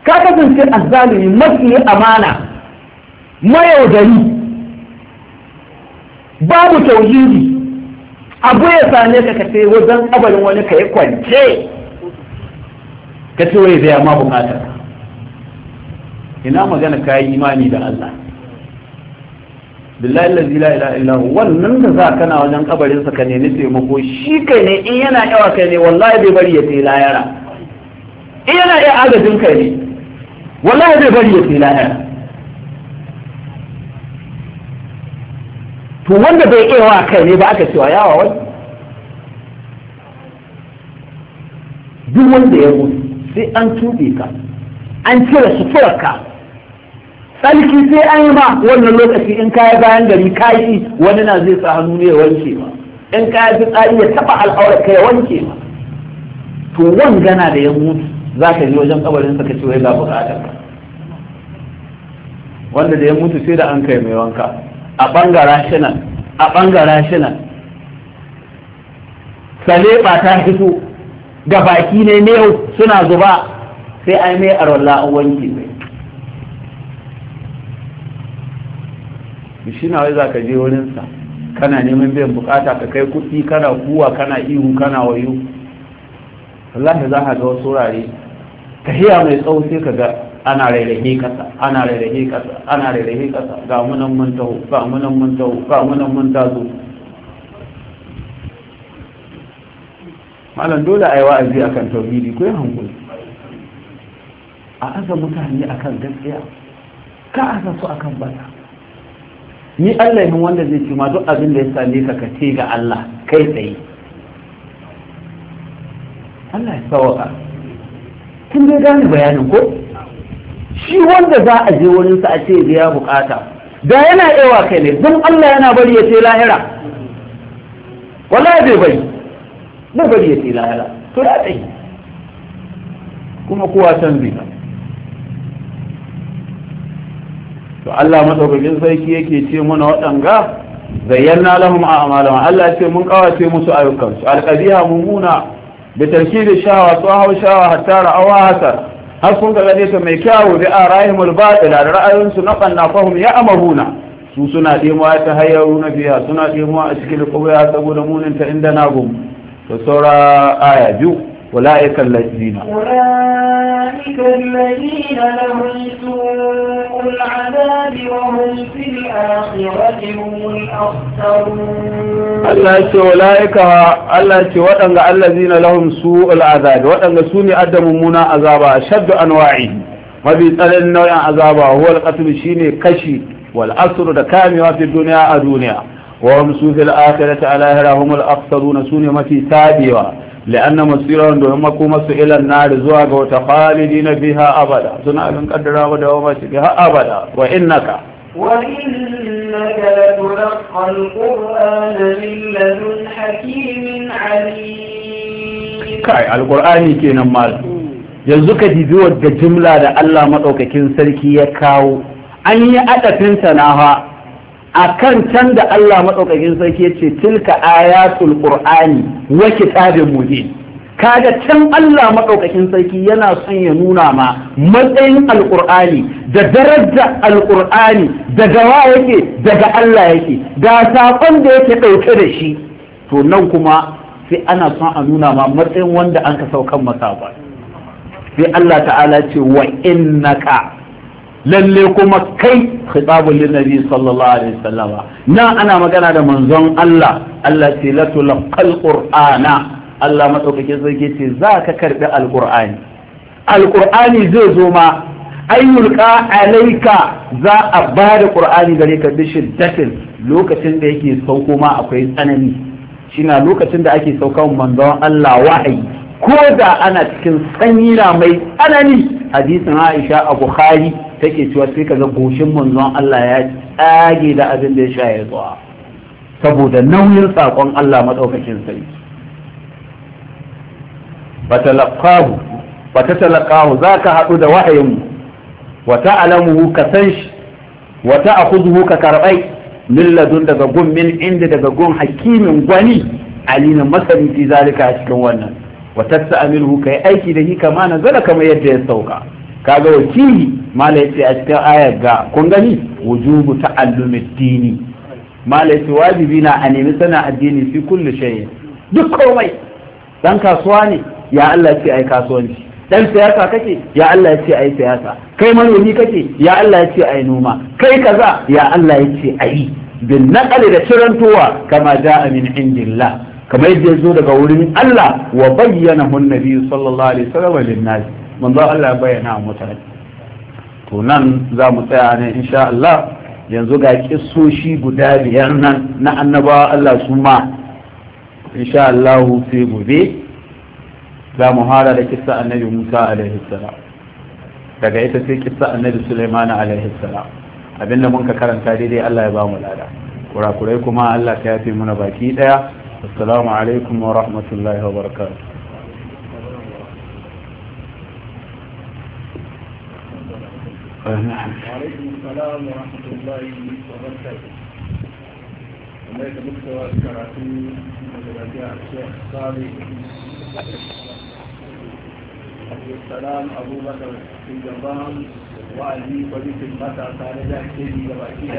ka kasance azzalimi mafi amana mayaudari babu tauhidi abu ya same ka ka sai wajen abalin wani ka yi kwance ka ce wai zai ma bukatar ina magana ka yi imani da Allah billahi allazi la ilaha illa hu wannan da za kana wajen kabarin sa ka nemi taimako shi kai ne in yana yawa kai ne wallahi bai bari ya tai layara in yana iya agajin kai ne wallahi bai bari ya tai layara to wanda bai iya wa kai ne ba aka cewa yawa wai duk wanda ya mutu sai an tube ka an cire ka. tsarki sai an yi ma wannan lokaci in yi bayan gari yi wani na zai sa hannu ne ya wanke ma in yi fitsari ya taba al'aurar ka ya wanke ma to wangana da ya mutu za ka yi wajen kabarin sa ka ce wai ga bukatar ka wanda da ya mutu sai da an kai mai wanka a bangara shinan a bangara shinan sale ba ta fito ga baki ne ne suna zuba sai ai mai arwalla an wanke mai shi na wai za ka je wurinsa kana neman biyan bukata ka kai kuɗi kana kuwa kana ihu kana wayo wallahi za ka ga wasu wurare tahiya mai tsawo sai ka ga ana rairahe kasa ana rairahe kasa ana rairahe kasa ga munan mun taho ga munan mun taho ga munan mun tazo malam dole a yi wa'azi akan tauhidi ko yin hankuli a aza mutane akan gaskiya ka aza su akan bata ni Allah yin wanda zai ci ma duk abin da ya same ka ka ce ga Allah kai tsaye Allah ya sauka kin dai gane bayanin ko shi wanda za a je wurin sa a ce ya bukata da yana ewa kai ne don Allah yana bari ya ce lahira wallahi bai bai na bari ya ce lahira to da tsaye kuma kowa san zai to Allah madaukakin sarki yake ce mana waɗanga zayyana lahum a'malahum Allah ce mun kawace musu ayyukan su alqadiha mumuna bi tarkibi shawa to hawa shawa hatta ra'awa hasar har kun ga ne ta mai kyawu bi arahimul batila da ra'ayoyinsu na kanna fahum ya amahuna su suna ɗemuwa ta hayaru na biya suna ɗemuwa a cikin ƙauya saboda muninta inda na gum da saura aya biyu أولئك الذين أولئك الذين لهم سوء العذاب وهم في الآخرة هم الأخسرون الله يتي أولئك الله يتي وأنغ الذين لهم سوء العذاب وأنغ سوني أدم منا عذاب أشد أنواعه ما بيتألن نوع عذاب هو القتل شيني كشي والأسر دكامي وفي الدنيا الدنيا وهم سوء في الآخرة على هم الأخسرون سوني ما في تابيوا la'anna masirahum domin makoma su ilan nari zuwa ga wata khalidina biha abada suna abin kaddarawa da wama shi biha abada wa innaka wa innaka latulqa alqur'ana min ladun hakimin alim kai alqur'ani kenan mal yanzu ka dibi wadda jimla da Allah madaukakin sarki ya kawo an yi adafinta na ha akan can da Allah maɗaukakin sarki ya ce tilka ayatul qur'ani wa kitabin mubin kaga can Allah maɗaukakin sarki yana son ya nuna ma matsayin alqur'ani da darajar alqur'ani daga wa yake daga Allah yake da sakon da yake ɗauke da shi to nan kuma sai ana son a nuna ma matsayin wanda an ka saukan masa ba sai Allah ta'ala ce wa innaka lalle kuma kai khitabul nabi sallallahu alaihi wasallama nan ana magana da manzon Allah Allah ce la tulqal qur'ana Allah madaukakin sarki ce za ka karbi alqur'ani alqur'ani zai zo ma ayyulka alaika za a ba da qur'ani gare ka bi shiddatin lokacin da yake sauko ma akwai tsanani shina lokacin da ake saukan manzon Allah wahayi ko da ana cikin sanyi mai tsanani hadisin Aisha a Bukhari take cewa sai kaga goshin manzon Allah ya tsage da abin da ya shaye zuwa saboda nauyin sakon Allah madaukakin sai fatalaqahu fatatalaqahu zaka hadu da wahayin wa ta'lamuhu ka san shi wa ta'khudhu ka karbai min ladun daga gun min inda daga gun hakimin gwani alina masani fi zalika a cikin wannan wa tasamilu kai aiki da hi kama nazala kamar yadda ya sauka kaga wakili mala yace a cikin ayar ga kun gani wujubu ta'allumi dini mala yace wajibi na a nemi sana addini fi kulli shay duk komai dan kasuwa ne ya Allah ce ai kasuwanci dan siyasa kake ya Allah ce ai siyasa kai manomi kake ya Allah ce ai noma kai kaza ya Allah ya ce ai bin naqali da cirantowa kama jaa min indillah kamar yadda ya zo daga wurin Allah wa bayyana hun nabi sallallahu alaihi wasallam lin manzo Allah ya bayyana a mutane to nan za mu tsaya ne insha Allah yanzu ga kissoshi guda biyar nan na annabawa Allah su ma insha Allah sai gobe za mu hara da kissa annabi Musa alaihi salam daga ita sai kissa annabi Sulaiman alaihi salam abinda mun ka karanta daidai Allah ya ba mu lada kurakurai kuma Allah ka yafe muna baki daya assalamu alaikum wa rahmatullahi wa barakatuh آه، نعم. وعليكم السلام ورحمة الله وبركاته هناك مكتوى كراتين متبادع الشيخ أبو السلام أبو بكر في جبان وعلي وليس المتع تعالى ذاك سيدي وبأكيد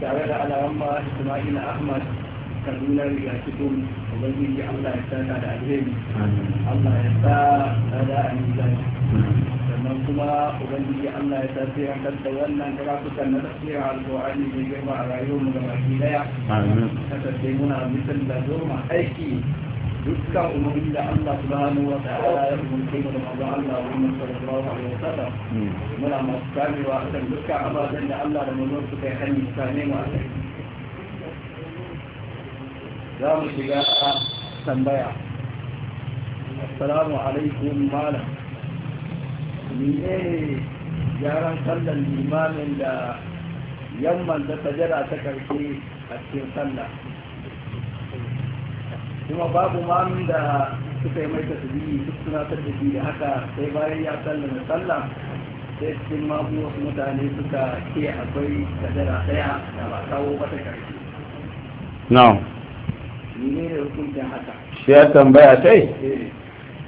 تعالى على رمى إسماعيل أحمد kaduna ya fito ubangiji allah ya saka da alheri allah ya sa da a mizani sannan kuma ubangiji allah ya sa sai an kanta wannan karatukan na tafsirin alƙur'ani mai girma a rayuwarmu ga baki daya kasance muna mutum da zoma aiki dukkan umarni da Allah subhanahu wa ta'ala ya umarce mu da manzon Allah Muhammad sallallahu alaihi wasallam hmm. muna masu kamewa akan dukkan ababen da Allah da kai suka yi hanyar kame mu a kai za mu shiga a tambaya assalamu alaikum malam ni ne yaran sallan limamin da yamman da tajara ta karshe a cikin sallah kuma babu mamin da suka yi su tasiri duk tunatar da biyu haka sai bayan ya sallama sallah sai cikin mabu wasu mutane suka ke akwai tajara daya da ba kawo wata karshe. Na. shi ya tambaya ta yi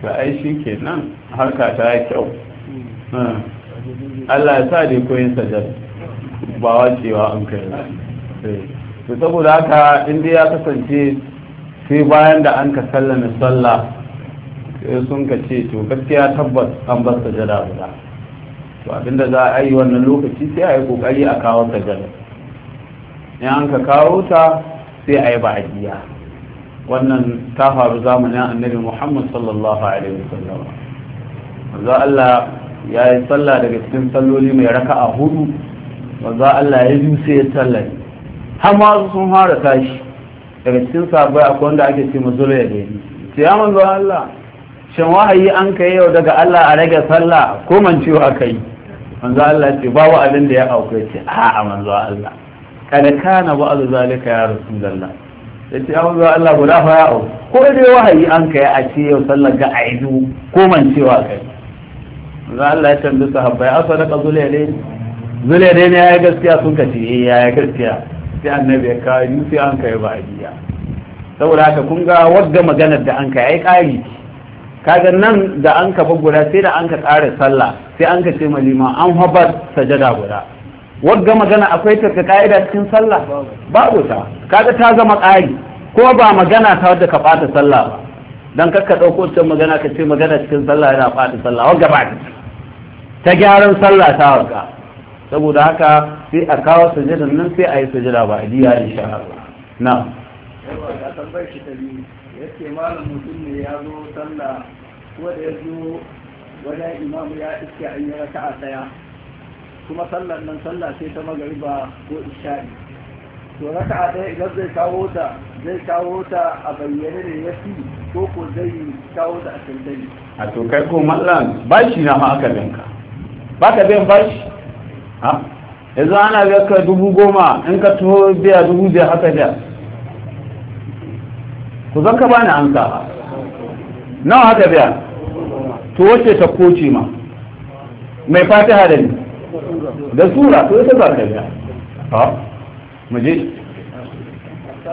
ba eh. ai ke nan harka ta yi kyau hmm. Hmm. allah ya sa dai koyin sajar ba wacewa an kai eh. to saboda haka inda ya kasance sai bayan da an ka sallame sallah sun ka ce to gaskiya tabbas an bar sajada guda to abinda za a yi wannan lokaci sai a yi kokari a kawo sajada in an ka kawo ta sai a yi ba'adiyya wannan ta faru zamanin annabi muhammad sallallahu alaihi wasallam manzo Allah ya yi sallah daga cikin salloli mai raka'a hudu manzo Allah ya yi sai ya sallah har ma sun fara tashi daga cikin sabai akwai wanda ake ce mazula ya gani sai ya manzo Allah shin wahayi an kai yau daga Allah a rage sallah ko mancewa kai manzo Allah ce babu abin da ya auke ce a'a manzo Allah kada kana ba'd zalika ya rasulullah da ce yawon zuwa Allah guda fa ya'o ko dai hayi an kai a ce yau sallar ga a idu ko man cewa kai za Allah ya tambi sahabbai ya asa daga zule ne ya yi gaskiya sun ka ce eh, ya yi gaskiya sai annabi ya kawo yi sai an kai ba biya saboda haka kun ga wadda maganar da an kai yi ƙari kaga nan da an ka guda sai da an ka ƙara sallah sai an ka ce malima an habar sajada guda wagga magana akwai tafi ka'ida cikin sallah babu ta kaga ta zama ƙari ko ba magana ta wadda ka ɓata sallah ba dan kakka ɗauko cikin magana ka ce magana cikin sallah yana ɓata sallah wagga ba ta ta gyaran sallah ta wagga saboda haka sai a kawo sujudan nan sai a yi sujada ba diya insha Allah na yace malam mutum ne ya zo sallah kuma da ya zo wajen imamu ya iske a yi raka'a daya kuma sallar nan sallah sai ta magariba ko isha'i to raka ɗaya idan zai kawo ta zai kawo ta a bayyane ne ya fi ko ko zai kawo ta a sandali a to kai ko mallan bashi na ma aka binka ba ka biyan bashi ha yanzu ana biyar ka dubu goma in ka tuho biya dubu biyar haka da ku zan ka bani an ka nawa haka biya to wacce ta koce ma mai fatiha da ni da sura to ita zaka ga ha mu je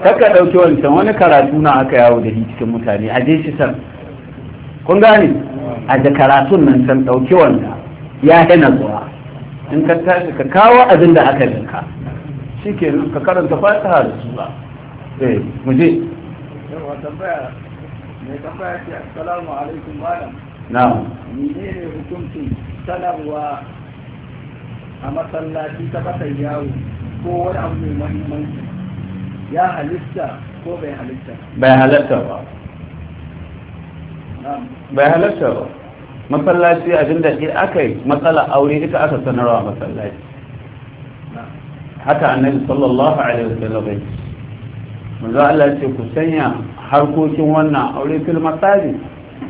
kaka dauke wancan wani karatu na aka yawo da cikin mutane a je shi san kun gane a da karatun nan san dauke wanda ya hana zuwa in ka tashi ka kawo abin da aka dinka shi ke ka karanta fatiha da sura eh mu je mai tambaya ce assalamu alaikum malam na'am ne hukunci sanarwa a masallaci ta kasar yawo ko wani abu mai mahimmanci ya halitta ko bai halitta bai halitta ba bai halitta ba masallaci abin da ke aka yi matsala aure ita aka sanarwa masallaci haka annabi sallallahu alaihi wasallam bai manzo Allah ce ku sanya harkokin wannan aure fil masaji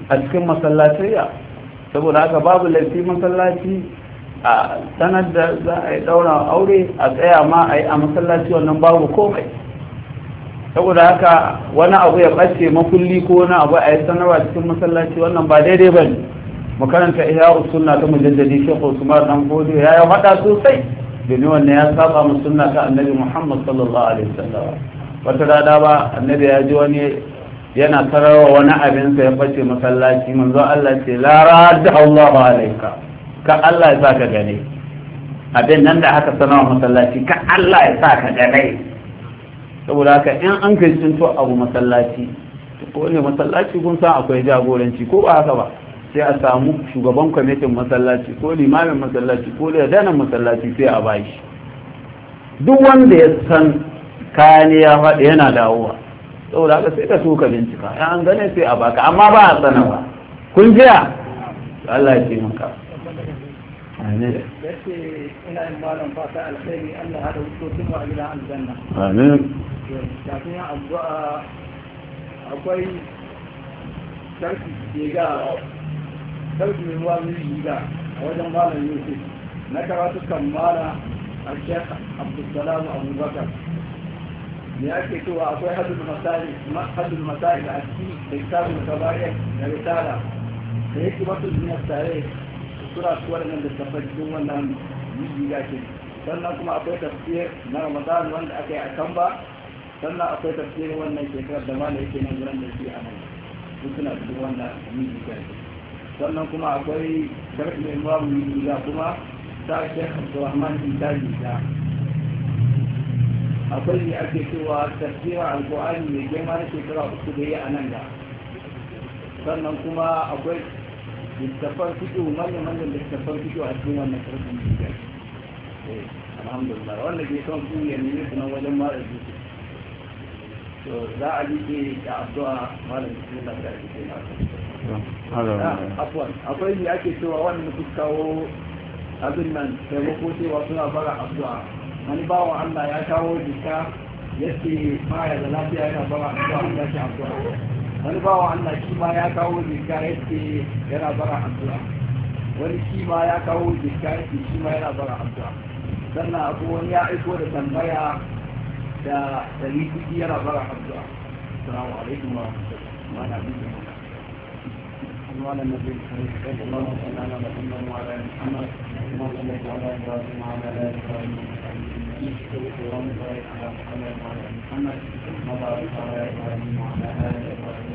a cikin masallaciya saboda haka babu laifi masallaci a sanar da za a yi daura aure a tsaya ma a yi a masallaci wannan babu komai saboda haka wani abu ya ɓace makulli ko wani abu a yi sanarwa cikin masallaci wannan ba daidai ba ne makaranta iya usunna ta mujaddadi shekhu usman dan gode ya yi hada sosai domin wannan ya saba mu sunna ta annabi muhammad sallallahu alaihi wasallam wata rada ba annabi ya ji wani yana tararwa wani abinsa ya ɓace masallaci manzo allah ce la radda allahu alaika ka Allah ya sa ka gane abin nan da haka sanawa masallaci ka Allah ya sa ka gane saboda haka in an kai to abu masallaci ko ne masallaci kun san akwai jagoranci ko ba haka ba sai a samu shugaban kwamitin masallaci ko limamin masallaci ko ladanan masallaci sai a bashi duk wanda ya san kayani ya faɗi yana dawowa saboda haka sai ka so ka bincika in an gane sai a baka amma ba a sanarwa kun jiya Allah ya ce maka آمين بس إلى إن بالهم فاتح الخير أن هذا وصول تنوى إلى الجنة آمين لكن أبقى أبقى ترك الجيجاء ترك من والي الجيجاء وجن مالا يوسف نكرتك مالا الشيخ عبد السلام أبو بكر لأكي أبقى حد المسائل حد المسائل أكيد لكتاب الكبائر لرسالة هيك بطل من التاريخ sura su waɗannan da cikin wannan ya ce sannan kuma akwai tafsir na ramadan wanda aka yi a kan ba sannan akwai tafsirin wannan shekarar da ma da yake nan wurin da shi a nan su suna cikin wannan ya ce sannan kuma akwai sharɗin yiji ya kuma ta shekh abdurrahman bin daji ta akwai ne ake cewa tafsirar ne mai girma na shekara uku da yi a nan da sannan kuma akwai littafan fito manya manyan littafan fito a cikin wannan karfin jiya eh, alhamdulillah wanda ke son su ya nemi su wajen mara jiki to za a ji da addu'a malam bismillah da ake na ah, afwan akwai ne ake cewa wannan su kawo abin nan taimako cewa suna bara addu'a wani bawa Allah ya kawo jika yake baya da lafiya yana bara addu'a ya ce addu'a wani bawa Allah shi ma ya kawo jika ya ce yana bara addu'a wani shi ma ya kawo jika ya ce shi ma yana bara addu'a sannan abu wani ya aiko da tambaya da dari kuɗi yana bara addu'a assalamu alaikum wa rahmatullahi wa وعلى النبي الكريم صلى الله على محمد وعلى ال محمد كما صليت على ابراهيم وعلى ال ابراهيم اللهم بارك على محمد وعلى ال محمد وبارك على ابراهيم وعلى ال ابراهيم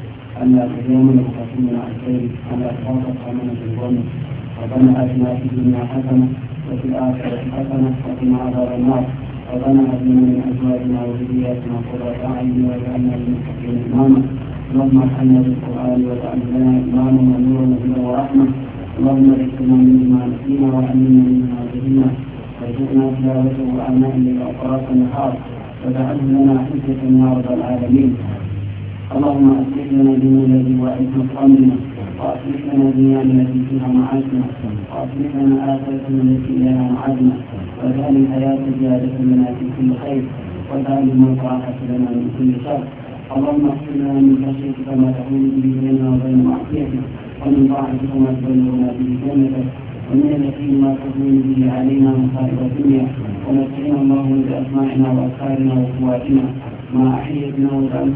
أن تدومنا المخافين على الخير أن توافق عمنا بالظلم ربنا آتنا في الدنيا حسنة وفي الآخرة حسنة وقنا عذاب النار ربنا هب لنا من أزواجنا وذرياتنا قرة أعين واجعلنا للمتقين إماما اللهم ارحمنا بالقرآن واجعل لنا إماما ونورا وهدى ورحمة اللهم ارحمنا مما نسينا وعلمنا مما نسينا وارزقنا تلاوته وعنا إليك أطراف النهار وجعله لنا حجة يا رب العالمين اللهم أصلح لنا ديننا الذي وأنت أمرنا وأصلح لنا دنيانا التي فيها معاشنا وأصلح لنا آخرتنا التي إليها معادنا واجعل الحياة زيادة لنا في كل خير واجعل الموت راحة لنا من كل شر اللهم اغفر لنا من خشيتك ما تحول به بيننا وبين معصيتك ومن طاعتك ما تبلغنا به جنتك ومن اليقين ما تكون به علينا مصائب الدنيا ومتعنا اللهم باسماعنا وافكارنا وقواتنا ما أحييتنا موت أن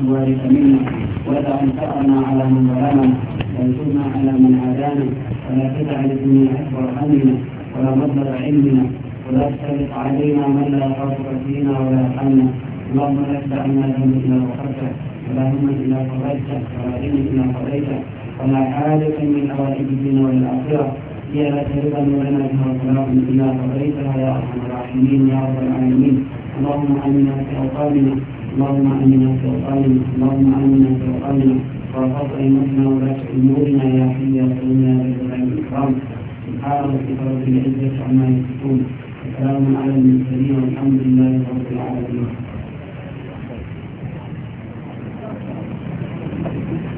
منا ولا أنفقنا على من ظلمنا وانصرنا على من عادانا ولا تدع لدنيا أكبر همنا ولا مبلغ علمنا ولا تسلط علينا من لا يخافك فينا ولا يرحمنا اللهم لا تدع لنا ذنبا إلا غفرته ولا هما إلا قضيته ولا علم إلا قضيته ولا حاجة من حوائج الدين والآخرة هي لا ترضى لنا بها وسلام إلا قضيتها يا أرحم الراحمين يا رب العالمين اللهم آمنا في أوطاننا اللهم امنا في اللهم امنا في اوطاننا وارفض ائمتنا ولاة امورنا يا حي يا قيوم يا ذا الجلال والاكرام سبحانك ربك رب العزه عما يصفون وسلام على المرسلين والحمد لله رب العالمين